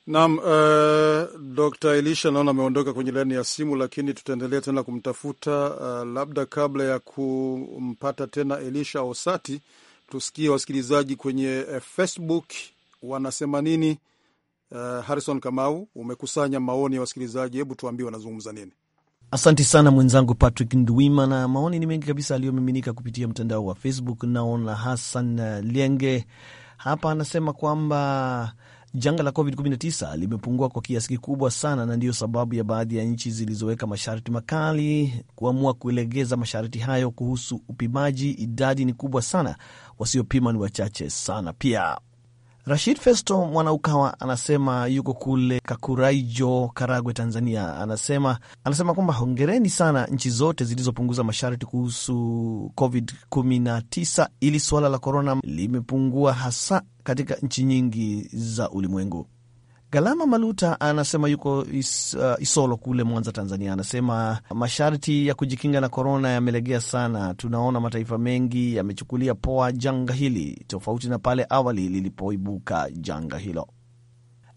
Naam, uh, eh, Dr. Elisha naona ameondoka kwenye laini ya simu, lakini tutaendelea tena kumtafuta uh, labda kabla ya kumpata tena Elisha Osati, tusikie wasikilizaji kwenye uh, Facebook wanasema nini. Uh, Harrison Kamau, umekusanya maoni ya wasikilizaji, hebu tuambie wanazungumza nini. Asante sana mwenzangu Patrick na Maoni ni mengi kabisa aliyomiminika kupitia mtandao wa Facebook. Naona Hassan Lienge hapa anasema kwamba Janga la COVID-19 limepungua kwa kiasi kikubwa sana, na ndiyo sababu ya baadhi ya nchi zilizoweka masharti makali kuamua kulegeza masharti hayo kuhusu upimaji. Idadi ni kubwa sana, wasiopima ni wachache sana pia. Rashid Festo Mwanaukawa anasema yuko kule Kakuraijo, Karagwe, Tanzania. Anasema anasema kwamba hongereni sana nchi zote zilizopunguza masharti kuhusu COVID-19 ili suala la korona limepungua, hasa katika nchi nyingi za ulimwengu. Galama Maluta anasema yuko is, uh, Isolo kule Mwanza, Tanzania. Anasema masharti ya kujikinga na korona yamelegea sana. Tunaona mataifa mengi yamechukulia poa janga hili, tofauti na pale awali lilipoibuka janga hilo.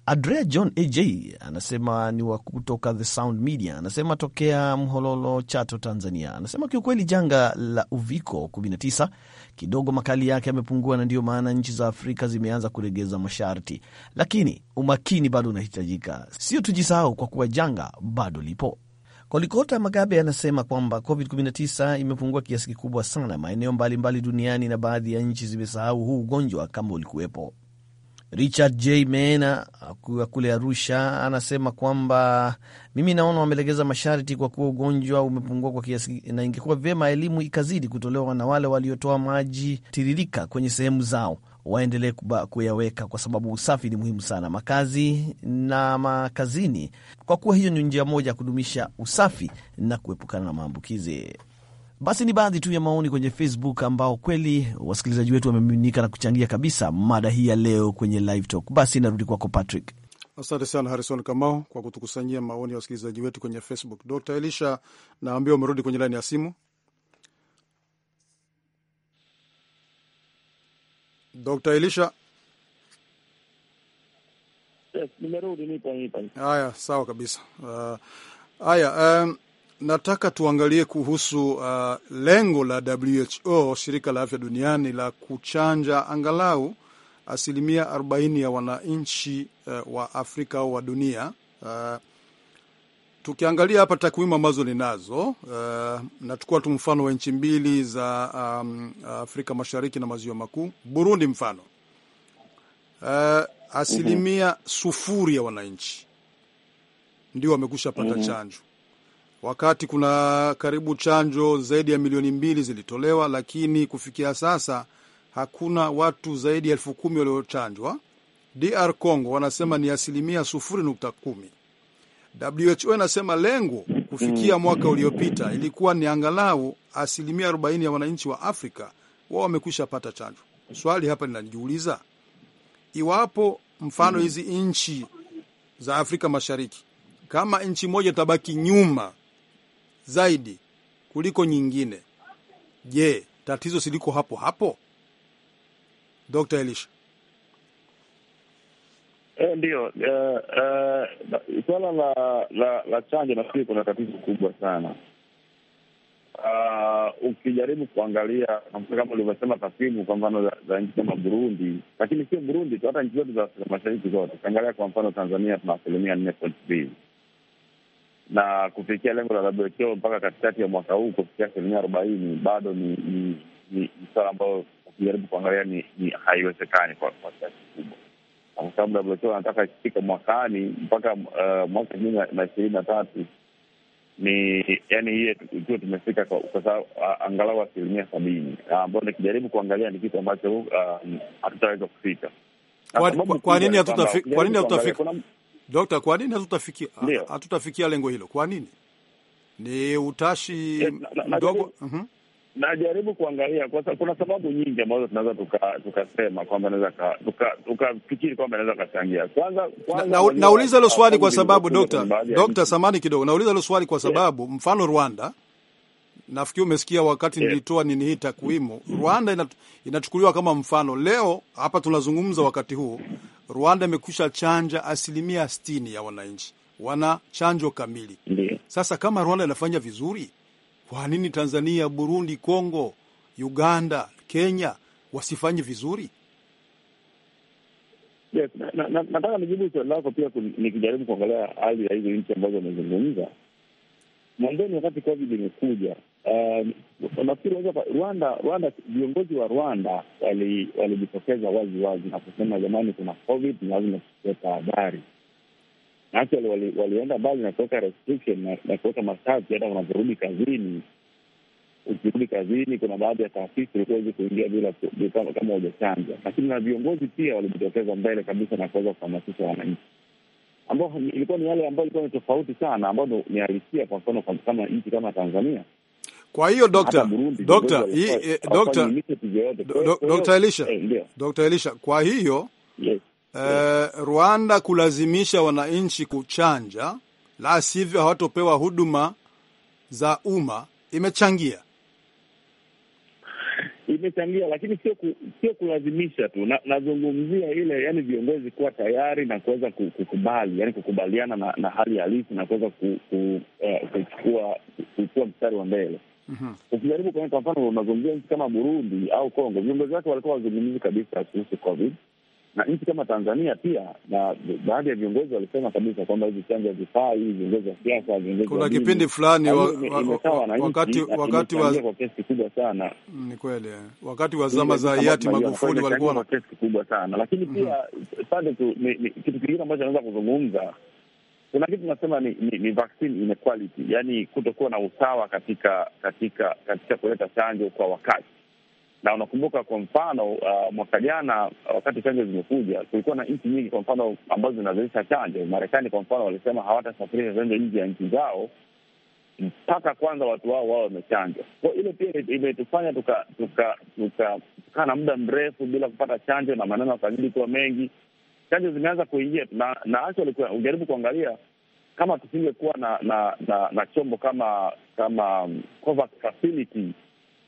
Andrea John AJ anasema ni wa kutoka The Sound Media, anasema tokea Mhololo, Chato, Tanzania. Anasema kiukweli janga la Uviko 19 kidogo makali yake yamepungua, na ndiyo maana nchi za Afrika zimeanza kuregeza masharti, lakini umakini bado unahitajika. Sio tujisahau kwa kuwa janga bado lipo. Kolikota Magabe anasema kwamba COVID-19 imepungua kiasi kikubwa sana maeneo mbalimbali duniani na baadhi ya nchi zimesahau huu ugonjwa kama ulikuwepo. Richard J mena akiwa kule Arusha anasema kwamba mimi naona wamelegeza masharti kwa kuwa ugonjwa umepungua kwa kiasi, na ingekuwa vyema elimu ikazidi kutolewa na wale waliotoa maji tiririka kwenye sehemu zao waendelee kuyaweka kwa sababu usafi ni muhimu sana makazi na makazini, kwa kuwa hiyo ni njia moja ya kudumisha usafi na kuepukana na maambukizi. Basi ni baadhi tu ya maoni kwenye Facebook ambao kweli wasikilizaji wetu wameminika na kuchangia kabisa mada hii ya leo kwenye Live Talk. Basi narudi kwako Patrick. Asante sana Harison Kamau kwa kutukusanyia maoni ya wasikilizaji wetu kwenye Facebook. Dr Elisha, naambia umerudi kwenye laini ya simu. Dr Elisha. Yes, nimerudi, nipo nipo. Haya, sawa kabisa. Uh, haya, uh, um, nataka tuangalie kuhusu uh, lengo la WHO, shirika la afya duniani, la kuchanja angalau asilimia 40 ya wananchi uh, wa Afrika au wa dunia uh, tukiangalia hapa takwimu ambazo ninazo uh, nachukua tu mfano wa nchi mbili za um, Afrika Mashariki na maziwa makuu. Burundi mfano uh, asilimia mm -hmm. sufuri ya wananchi ndio wamekusha pata mm -hmm. chanjo wakati kuna karibu chanjo zaidi ya milioni mbili zilitolewa, lakini kufikia sasa hakuna watu zaidi ya elfu kumi waliochanjwa. DR Congo wanasema ni asilimia sufuri nukta kumi. WHO inasema lengo kufikia mm. mwaka uliopita ilikuwa ni angalau asilimia arobaini ya wananchi wa Afrika wao wamekwisha pata chanjo. Swali hapa linajiuliza iwapo mfano mm. hizi nchi za Afrika Mashariki, kama nchi moja itabaki nyuma zaidi kuliko nyingine. Je, tatizo siliko hapo hapo? Dr. Elisha. E, eh, ndiyo eh, eh, suala la la, la chanjo nafikiri kuna tatizo kubwa sana. Uh, ukijaribu kuangalia kama ulivyosema takwimu kwa mfano za, za nchi kama Burundi, lakini sio Burundi tu, hata nchi zote za Afrika Mashariki zote, ukiangalia kwa mfano Tanzania tuna asilimia nne point mbili na kufikia lengo la WHO mpaka katikati ya mwaka huu kufikia asilimia arobaini bado ni ni, ni swala ambayo ukijaribu kuangalia ni, ni haiwezekani kwa kiasi kikubwa, na kwa sababu WHO anataka ikifika mwakani mpaka uh, mwaka elfu mbili na ishirini na tatu ni yani hiye ikiwa tumefika kwa sababu angalau asilimia sabini ambayo nikijaribu kuangalia ni kitu ambacho eh, hatutaweza kufika. Kwa nini hatutafika? Dokta, kwa nini hatutafikia hatutafikia lengo hilo? Kwa nini? Ni utashi eh, mdogo? yeah, mhm. Najaribu kuangalia kwa sababu kuna sababu nyingi ambazo tunaweza tukasema kwamba naweza tukafikiri kwamba naweza kachangia. Kwanza kwanza nauliza hilo swali kwa sababu dokta, dokta, samani kidogo, nauliza hilo swali kwa sababu yeah. mfano Rwanda, nafikiri umesikia wakati yeah. nilitoa nini hii takwimu, Rwanda inachukuliwa kama mfano. Leo hapa tunazungumza wakati huu Rwanda imekwisha chanja asilimia sitini ya wananchi, wana chanjo kamili. Ndiyo. Sasa kama Rwanda inafanya vizuri, kwa nini Tanzania, Burundi, congo Uganda, Kenya wasifanye vizuri? Yes, nataka na, na, nijibu swali lako pia nikijaribu kuangalia hali ya hizo nchi ambazo wamezungumza mwanzoni, wakati COVID imekuja nafikiri um, Rwanda Rwanda, viongozi wa Rwanda walijitokeza wali wazi wazi na kusema jamani, kuna COVID ni lazima tuchukue tahadhari. Actually wali, walienda mbali na kuweka restriction na kuweka masharti, hata unavyorudi kazini. Ukirudi kazini, kuna baadhi ya taasisi ulikuwa huwezi kuingia bila kama hujachanja, lakini na viongozi pia walijitokeza mbele kabisa na kuweza kuhamasisha wananchi ambao ilikuwa ni yale ambayo ilikuwa ni tofauti sana, ambayo ni halisia. Kwa mfano kama nchi kama Tanzania kwa hiyo Dokta Dokta Dokta Elisha eh, Dokta Elisha, kwa hiyo yes. Eh, Rwanda kulazimisha wananchi kuchanja, la sivyo hawatopewa huduma za umma imechangia imechangia lakini sio ku, sio kulazimisha tu, nazungumzia ile yani viongozi kuwa tayari na kuweza kukubali, yani kukubaliana na, na hali halisi na kuweza eh, kuchukua ku, kuchukua mstari wa mbele. Mm-hmm. Ukijaribu kwa mfano unazungumzia nchi kama Burundi au Kongo, viongozi wake walikuwa wazungumzi kabisa kuhusu COVID na nchi kama Tanzania pia, na baadhi ya viongozi walisema kabisa kwamba hizi chanjo hazifai, viongozi wa siasa, viongozi kuna kipindi fulani wakati wakati wa kwa kesi kubwa sana, mm, ni kweli, eh. wakati wa zama za hayati Magufuli walikuwa na kesi kubwa sana, lakini pia mm-hmm. pande tu, kitu kingine ambacho anaweza kuzungumza kuna kitu tunasema ni, ni, ni vaccine inequality, yani kutokuwa na usawa katika katika katika kuleta chanjo kwa wakati. Na unakumbuka kwa mfano uh, mwaka jana uh, wakati chanjo zimekuja, kulikuwa na nchi nyingi kwa mfano ambazo zinazalisha chanjo. Marekani kwa mfano walisema hawatasafirisha chanjo nje ya nchi zao mpaka kwanza watu wao wao wamechanjwa. Kwa hilo pia imetufanya tukakaa tuka, tuka, tuka na muda mrefu bila kupata chanjo na maneno yakazidi kuwa mengi chanjo zimeanza kuingia na na hasa ujaribu kuangalia kama tusingekuwa na na, na na chombo kama kama um, COVAX facility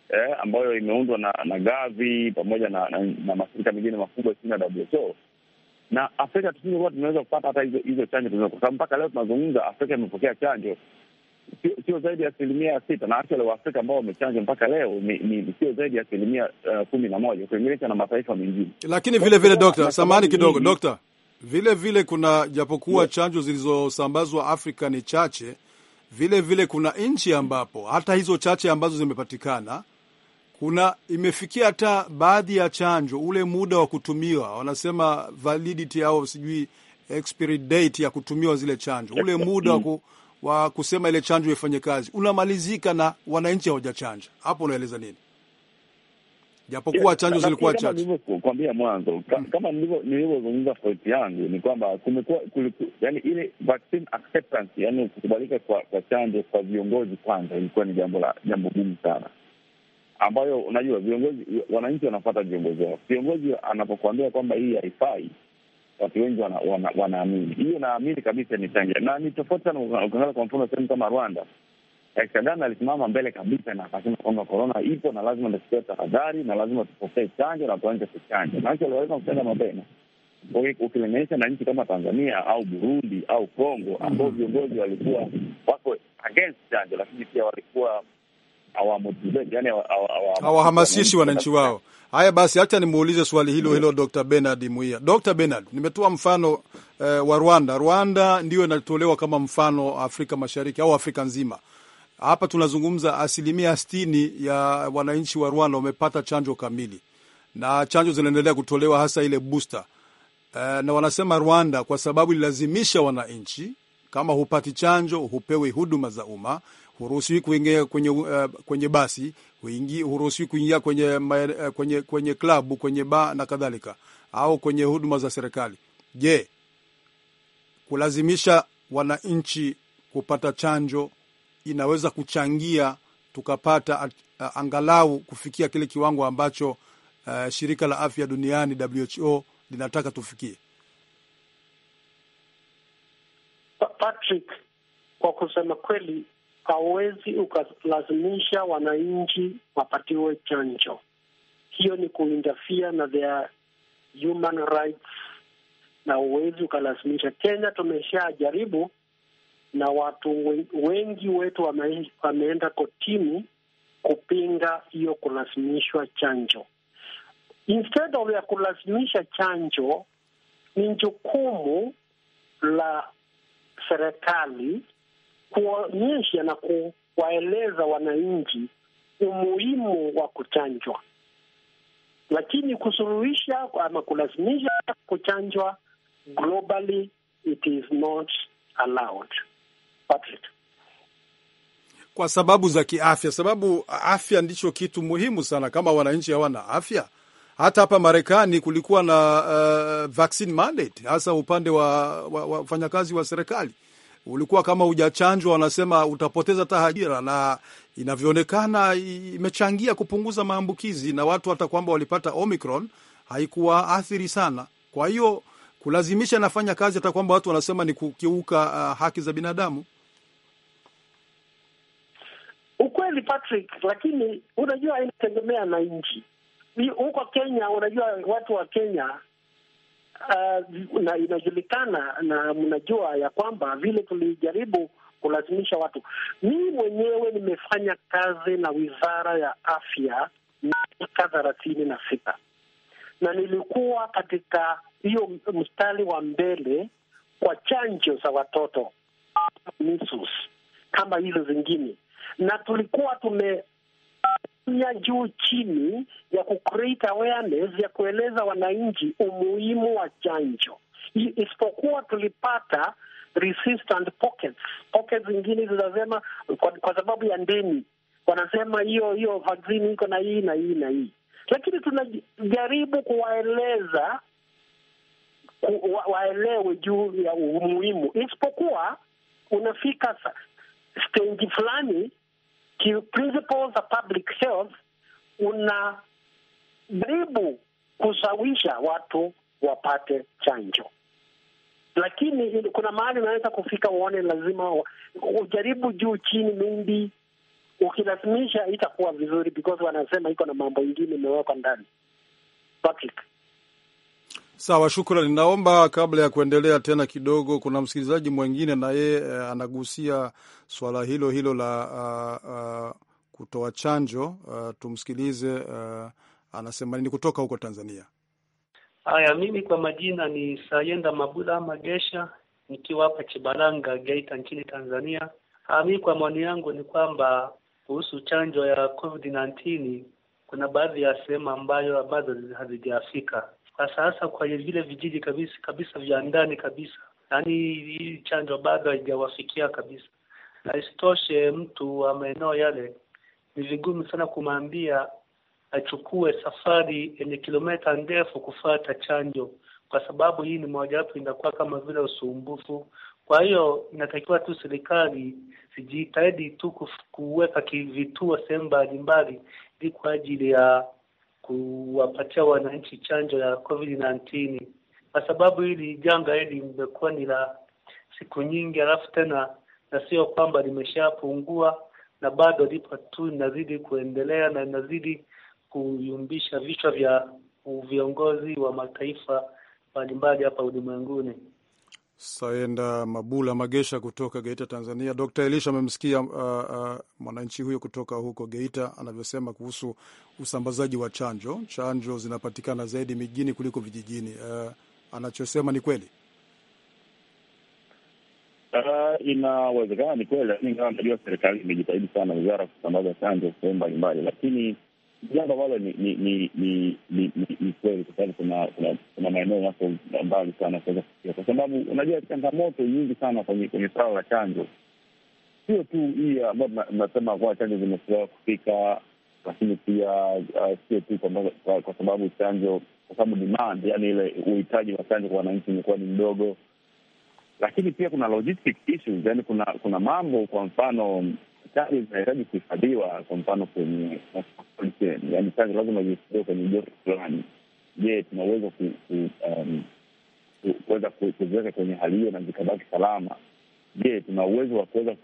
eh, ambayo imeundwa na na Gavi pamoja na na, na mashirika mengine makubwa chini ya WHO na Afrika tusingekuwa tunaweza kupata hata hizo hizo chanjo, kwa sababu mpaka leo tunazungumza, Afrika imepokea chanjo sio zaidi ya asilimia sita na hata wale Waafrika ambao wamechanjwa mpaka leo ni, ni sio zaidi ya asilimia uh, kumi na moja ukilinganisha na mataifa mengine. Lakini vile vile dokta, samahani kidogo dokta, vile vile kuna japokuwa yes, chanjo zilizosambazwa Afrika ni chache, vile vile kuna nchi ambapo hata hizo chache ambazo zimepatikana kuna imefikia hata baadhi ya chanjo ule muda wa kutumiwa, wanasema validity au sijui expiry date ya kutumiwa zile chanjo, ule muda wa ku wa kusema ile chanjo ifanye kazi unamalizika na wananchi hawajachanja. Hapo unaeleza nini? Japokuwa chanjo zilikuwa chache, kuambia mwanzo, hmm. kama nilivyozungumza point yangu ni kwamba kumekuwa yani ile vaccine acceptance, yani kukubalika kwa kwa chanjo kwa viongozi kwanza, ilikuwa ni jambo la jambo gumu sana, ambayo unajua viongozi, wananchi wanafuata viongozi wao. Viongozi anapokuambia kwamba hii haifai watu wengi wanaamini wana, wana hiyo, naamini kabisa ni changia, na ni tofauti sana. Ukiangalia kwa mfano sehemu kama Rwanda, Rais alisimama mbele kabisa na akasema kwamba korona ipo na lazima tuchukue tahadhari na lazima tupokee chanjo na tuanze kuchanja, manake waliweza kuchanja mapema ukilinganisha na nchi kama Tanzania au Burundi au Congo ambao viongozi walikuwa wako against chanjo, lakini pia walikuwa hawahamasishi wananchi wao. Haya basi, hacha nimuulize swali hilo hilo Dr. Bernard Mwia. Dr. Bernard, nimetoa mfano eh, wa Rwanda. Rwanda ndio inatolewa kama mfano Afrika Mashariki au Afrika nzima. Hapa tunazungumza asilimia sitini ya wananchi wa Rwanda wamepata chanjo kamili, na chanjo zinaendelea kutolewa hasa ile booster eh, na wanasema Rwanda kwa sababu ililazimisha wananchi kama hupati chanjo, hupewi huduma za umma, huruhusiwi kuingia kwenye, uh, kwenye basi, huruhusiwi kuingia kwenye, uh, kwenye, kwenye klabu, kwenye ba na kadhalika, au kwenye huduma za serikali. Je, kulazimisha wananchi kupata chanjo inaweza kuchangia tukapata uh, angalau kufikia kile kiwango ambacho uh, shirika la afya duniani WHO linataka tufikie? Patrick, kwa kusema kweli, hauwezi ukalazimisha wananchi wapatiwe chanjo. Hiyo ni kuindafia na their human rights, na huwezi ukalazimisha. Kenya tumeshajaribu na watu wengi wetu wameenda kotini kupinga hiyo kulazimishwa chanjo. Instead of ya kulazimisha chanjo, ni jukumu la serikali kuonyesha na kuwaeleza wananchi umuhimu wa kuchanjwa, lakini kusuruhisha ama kulazimisha kuchanjwa globally it is not allowed. Patrick, kwa sababu za kiafya, sababu afya ndicho kitu muhimu sana. Kama wananchi hawana afya hata hapa Marekani kulikuwa na uh, vaccine mandate hasa upande wa wafanyakazi wa, wa, wa serikali ulikuwa kama hujachanjwa, wanasema utapoteza hata ajira, na inavyoonekana imechangia kupunguza maambukizi, na watu hata kwamba walipata Omicron haikuwa athiri sana. Kwa hiyo kulazimisha nafanya kazi hata kwamba watu wanasema ni kukiuka uh, haki za binadamu. Ukweli Patrick, lakini unajua inategemea na nchi huko Kenya, unajua watu wa Kenya uh, na inajulikana na mnajua ya kwamba vile tulijaribu kulazimisha watu. Mimi mwenyewe nimefanya kazi na wizara ya afya miaka thelathini na sita na nilikuwa katika hiyo mstari wa mbele kwa chanjo za watoto measles, kama hizo zingine, na tulikuwa tume ya juu chini ya kucreate awareness ya kueleza wananchi umuhimu wa chanjo, isipokuwa tulipata resistant pockets. Pockets zingine zinasema kwa, kwa sababu ya ndeni wanasema hiyo hiyo vaccine iko na hii na hii na hii, lakini tunajaribu kuwaeleza ku, wa, waelewe juu ya umuhimu, isipokuwa unafika stage fulani principles za public health unajaribu kushawisha watu wapate chanjo, lakini kuna mahali unaweza kufika uone lazima ujaribu juu chini, mindi ukilazimisha itakuwa vizuri, because wanasema iko na mambo ingine imewekwa ndani Patrick. Sawa, shukrani. Naomba kabla ya kuendelea tena kidogo, kuna msikilizaji mwengine na yeye eh, anagusia swala hilo hilo la uh, uh, kutoa chanjo uh, tumsikilize uh, anasema nini kutoka huko Tanzania. Haya, mimi kwa majina ni Sayenda Mabula Magesha nikiwa hapa chibaranga Geita nchini Tanzania. Ha, mimi kwa maoni yangu ni kwamba kuhusu chanjo ya COVID-19 kuna baadhi ya sehemu ambayo ambazo hazijafika kwa sasa kwenye vile vijiji kabisa kabisa vya ndani kabisa, yaani hii chanjo bado haijawafikia kabisa. Na isitoshe mtu wa maeneo yale ni vigumu sana kumwambia achukue safari yenye kilomita ndefu kufata chanjo, kwa sababu hii ni mojawapo inakuwa kama vile usumbufu. Kwa hiyo inatakiwa tu serikali zijitahidi tu kuweka kivituo sehemu mbalimbali ili kwa ajili ya kuwapatia wananchi chanjo ya COVID-19, kwa sababu hili janga hili limekuwa ni la siku nyingi, alafu tena na sio kwamba limeshapungua na bado lipo tu, inazidi kuendelea na inazidi kuyumbisha vichwa vya viongozi wa mataifa mbalimbali hapa ulimwenguni. Saenda Mabula Magesha kutoka Geita, Tanzania. Dkt Elisha amemsikia uh, uh, mwananchi huyo kutoka huko Geita anavyosema kuhusu usambazaji wa chanjo. Chanjo zinapatikana zaidi mijini kuliko vijijini. Uh, anachosema ni kweli. Uh, inawezekana ni kweli, lakini ingawa najua serikali imejitahidi sana, wizara kusambaza chanjo sehemu mbalimbali, lakini jambo ambalo ni kweli, kwa sababu kuna maeneo yako mbali sana kuweza kufikia, kwa sababu unajua changamoto nyingi sana kwenye swala la chanjo, sio tu hii ambayo tunasema kuwa chanjo zimechelewa kufika, lakini pia uh, sio tu kwa sababu chanjo, kwa sababu demand, yani ile uhitaji wa chanjo kwa wananchi umekuwa ni mdogo, lakini pia kuna logistic issues, yani kuna kuna mambo, kwa mfano chali zinahitaji kuhifadhiwa, kwa mfano kwenye, yaani lazima zihifadhiwe kwenye joto fulani. Je, tuna uwezo um, kuweza kuziweka kwenye hali hiyo na zikabaki salama? Je, tuna uwezo wa kuweza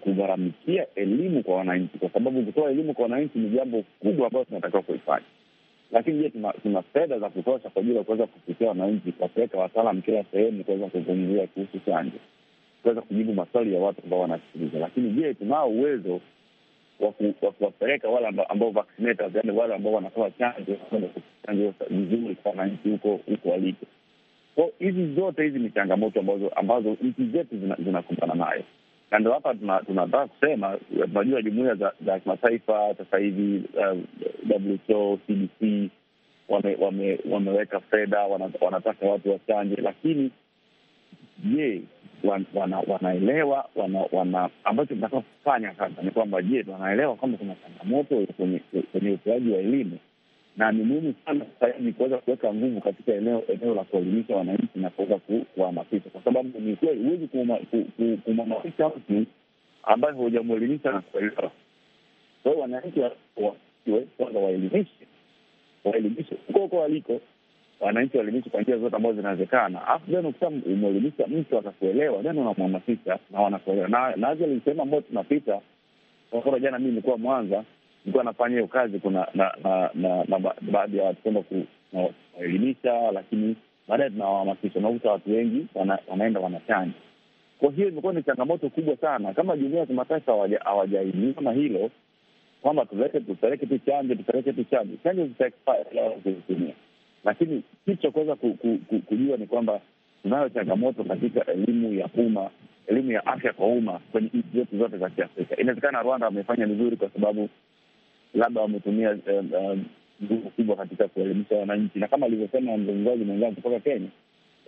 kugharamikia elimu kwa wananchi? Kwa sababu kutoa elimu kwa wananchi ni jambo kubwa ambayo tunatakiwa kuifanya, lakini je, tuna fedha za kutosha kwa ajili ya kuweza kufikia wananchi kwa kuweka wataalam kila sehemu kuweza kuzungumzia kuhusu chanjo? kuweza kujibu maswali ya watu ambao wanasikiliza. Lakini je, tunao uwezo wa kuwapeleka wale ambao vaccinators, wale ambao wanatoa chanjo chanjo vizuri kwa wananchi huko huko waliko? So hizi zote hizi ni changamoto ambazo ambazo nchi zetu zinakumbana nayo, na ndo hapa tunataka kusema, tunajua jumuia za kimataifa sasa hivi uh, WHO, CDC wameweka fedha, wanataka watu wachanje, lakini je, wan, wanaelewa wana, wana ambacho tunataka kufanya sasa ni kwamba je, wanaelewa kwamba kuna changamoto kwenye utoaji wa elimu, na ni muhimu sana sasa hivi kuweza kuweka nguvu katika eneo eneo la kuelimisha wananchi na kuweza kuhamasisha, kwa sababu ni kweli huwezi kumhamasisha mtu ambaye hujamwelimisha na kuelewa. Kwa hiyo wananchi kwanza waelimishe, waelimishe huko huko waliko wananchi waelimishwe kwa njia zote ambazo zinawezekana. Afu then ukisha umwelimisha mtu akakuelewa, then unamhamasisha na wanakuelewa. Na nazi lisehemu ambayo tunapita kwa jana mii nilikuwa Mwanza, nilikuwa nafanya hiyo kazi, kuna na na, na, na baadhi ya watu kwenda kuwaelimisha, lakini baadaye tunawahamasisha, unakuta watu wengi wana, wanaenda wanachanja. Kwa hiyo imekuwa ni changamoto kubwa sana, kama jumuia ya kimataifa hawajainama hilo kwamba tupeleke tu chanjo, tupeleke tu chanjo, chanjo zita expire, lakini kitu cha kuweza kujua ni kwamba tunayo changamoto katika elimu ya umma, elimu ya afya kwa umma kwenye nchi zetu zote za Kiafrika. Inawezekana Rwanda wamefanya vizuri kwa sababu labda wametumia eh, eh, nguvu um, kubwa katika kuelimisha wananchi, na kama alivyosema mzungumzaji mwenzangu kutoka Kenya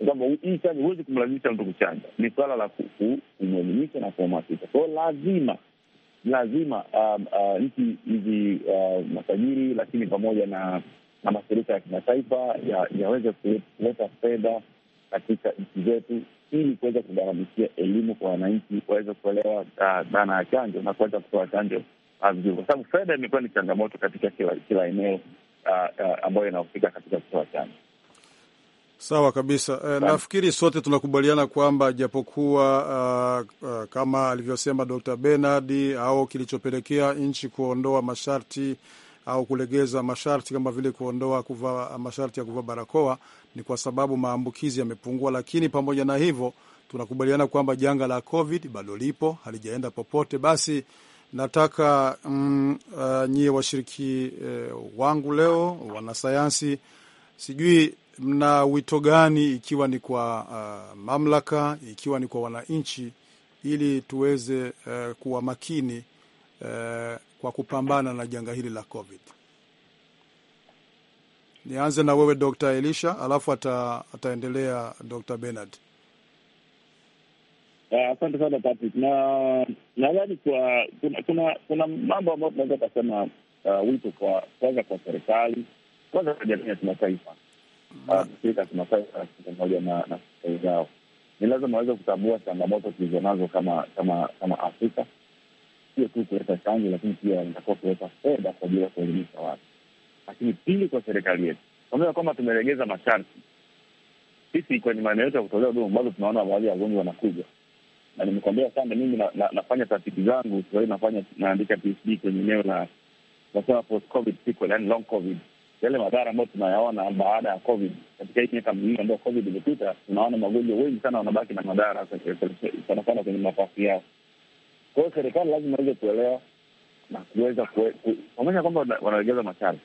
kwamba hii chanjo huwezi kumlazimisha mtu kuchanja, ni swala la kumwelimisha na kuhamasisha. Kwao lazima lazima um, uh, nchi hizi uh, matajiri lakini pamoja na na mashirika ya kimataifa yaweze kuleta fedha katika nchi zetu ili kuweza kugharamikia elimu kwa wananchi waweze kuelewa dhana ah, ya chanjo na kuweza kutoa chanjo ah, vizuri, kwa sababu fedha imekuwa ni changamoto katika kila, kila eneo ah, ambayo inahusika katika kutoa chanjo. Sawa kabisa. E, nafikiri sote tunakubaliana kwamba japokuwa, uh, uh, kama alivyosema Dr. Bernard, au kilichopelekea nchi kuondoa masharti au kulegeza masharti kama vile kuondoa kuva, masharti ya kuvaa barakoa ni kwa sababu maambukizi yamepungua. Lakini pamoja na hivyo, tunakubaliana kwamba janga la COVID bado lipo, halijaenda popote. Basi nataka mm, uh, nyie washiriki eh, wangu leo wanasayansi, sijui mna wito gani, ikiwa ni kwa uh, mamlaka, ikiwa ni kwa wananchi, ili tuweze uh, kuwa makini uh, kwa kupambana na janga hili la COVID? Nianze na wewe Dr. Elisha, alafu ata, ataendelea Dr. Bernard. Ah, asante uh, sana Patrick, na nadhani kwa kuna kuna, kuna mambo ambayo tunaweza kasema uh, ah, wito kwa kwanza kwa serikali kwanza kwa jamii ya kimataifa mm-hmm. ah, shirika ya kimataifa pamoja na serikali zao, ni lazima waweze kutambua changamoto tulizonazo kama kama kama Afrika sio tu kuleta chanjo, lakini pia inatakiwa kuweka fedha kwa ajili ya kuelimisha watu. Lakini pili, kwa serikali yetu, pamoja kwamba tumelegeza masharti, sisi kwenye maeneo yetu ya kutolea huduma bado tunaona baadhi ya wagonjwa wanakuja, na nimekuambia sana, mimi na, na, nafanya tafiti zangu sahii, nafanya naandika PhD kwenye eneo la nasema post covid sequel, yani long covid, yale madhara ambayo tunayaona baada ya covid. Katika hii miaka miwili ambayo covid imepita, tunaona magonjwa wengi sana wanabaki na madhara sana sana kwenye mapafu yao kwa hiyo serikali lazima iweze kuelewa na kuweza kuonyesha kwamba wanalegeza masharti,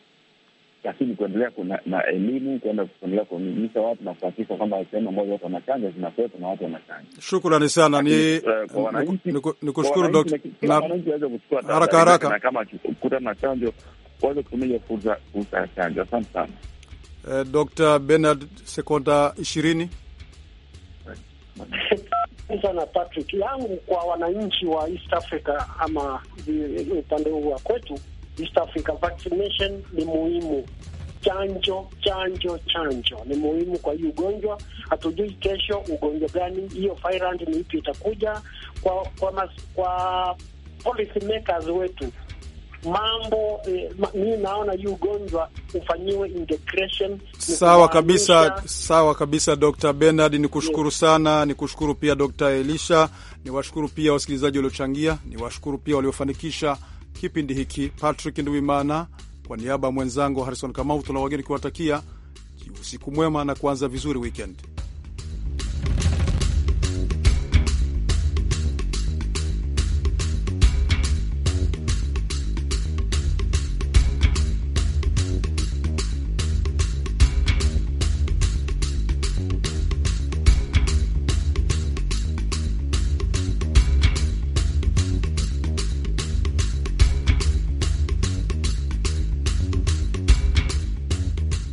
lakini kuendelea na elimu, kuenda kuendelea kuelimisha watu na kuhakikisha kwamba sehemu ambazo watu wanachanja zinakuwepo na watu wanachanja. Shukrani sana, ni nikushukuru dokta, haraka haraka kama kuta na chanjo waweze kutumia hiyo fursa ya chanjo. Asante sana. Dr Bernard, sekonda ishirini sana Patrick, yangu kwa wananchi wa East Africa ama eh, upande huu wa kwetu East Africa, vaccination ni muhimu. Chanjo, chanjo, chanjo ni muhimu kwa hii ugonjwa. Hatujui kesho ugonjwa gani, hiyo virus ni ipi itakuja. Kwa, kwa, mas, kwa policy makers wetu mambo eh, ma, mimi naona hii ugonjwa ufanyiwe integration. Sawa kabisa, sawa kabisa Dr. Bernard, kushukuru yes, sana ni kushukuru pia Dr. Elisha, niwashukuru pia wasikilizaji waliochangia, niwashukuru pia waliofanikisha kipindi hiki. Patrick Nduimana kwa niaba ya mwenzangu Harrison Kamau, tuna wageni kiwatakia usiku mwema na kuanza vizuri weekend.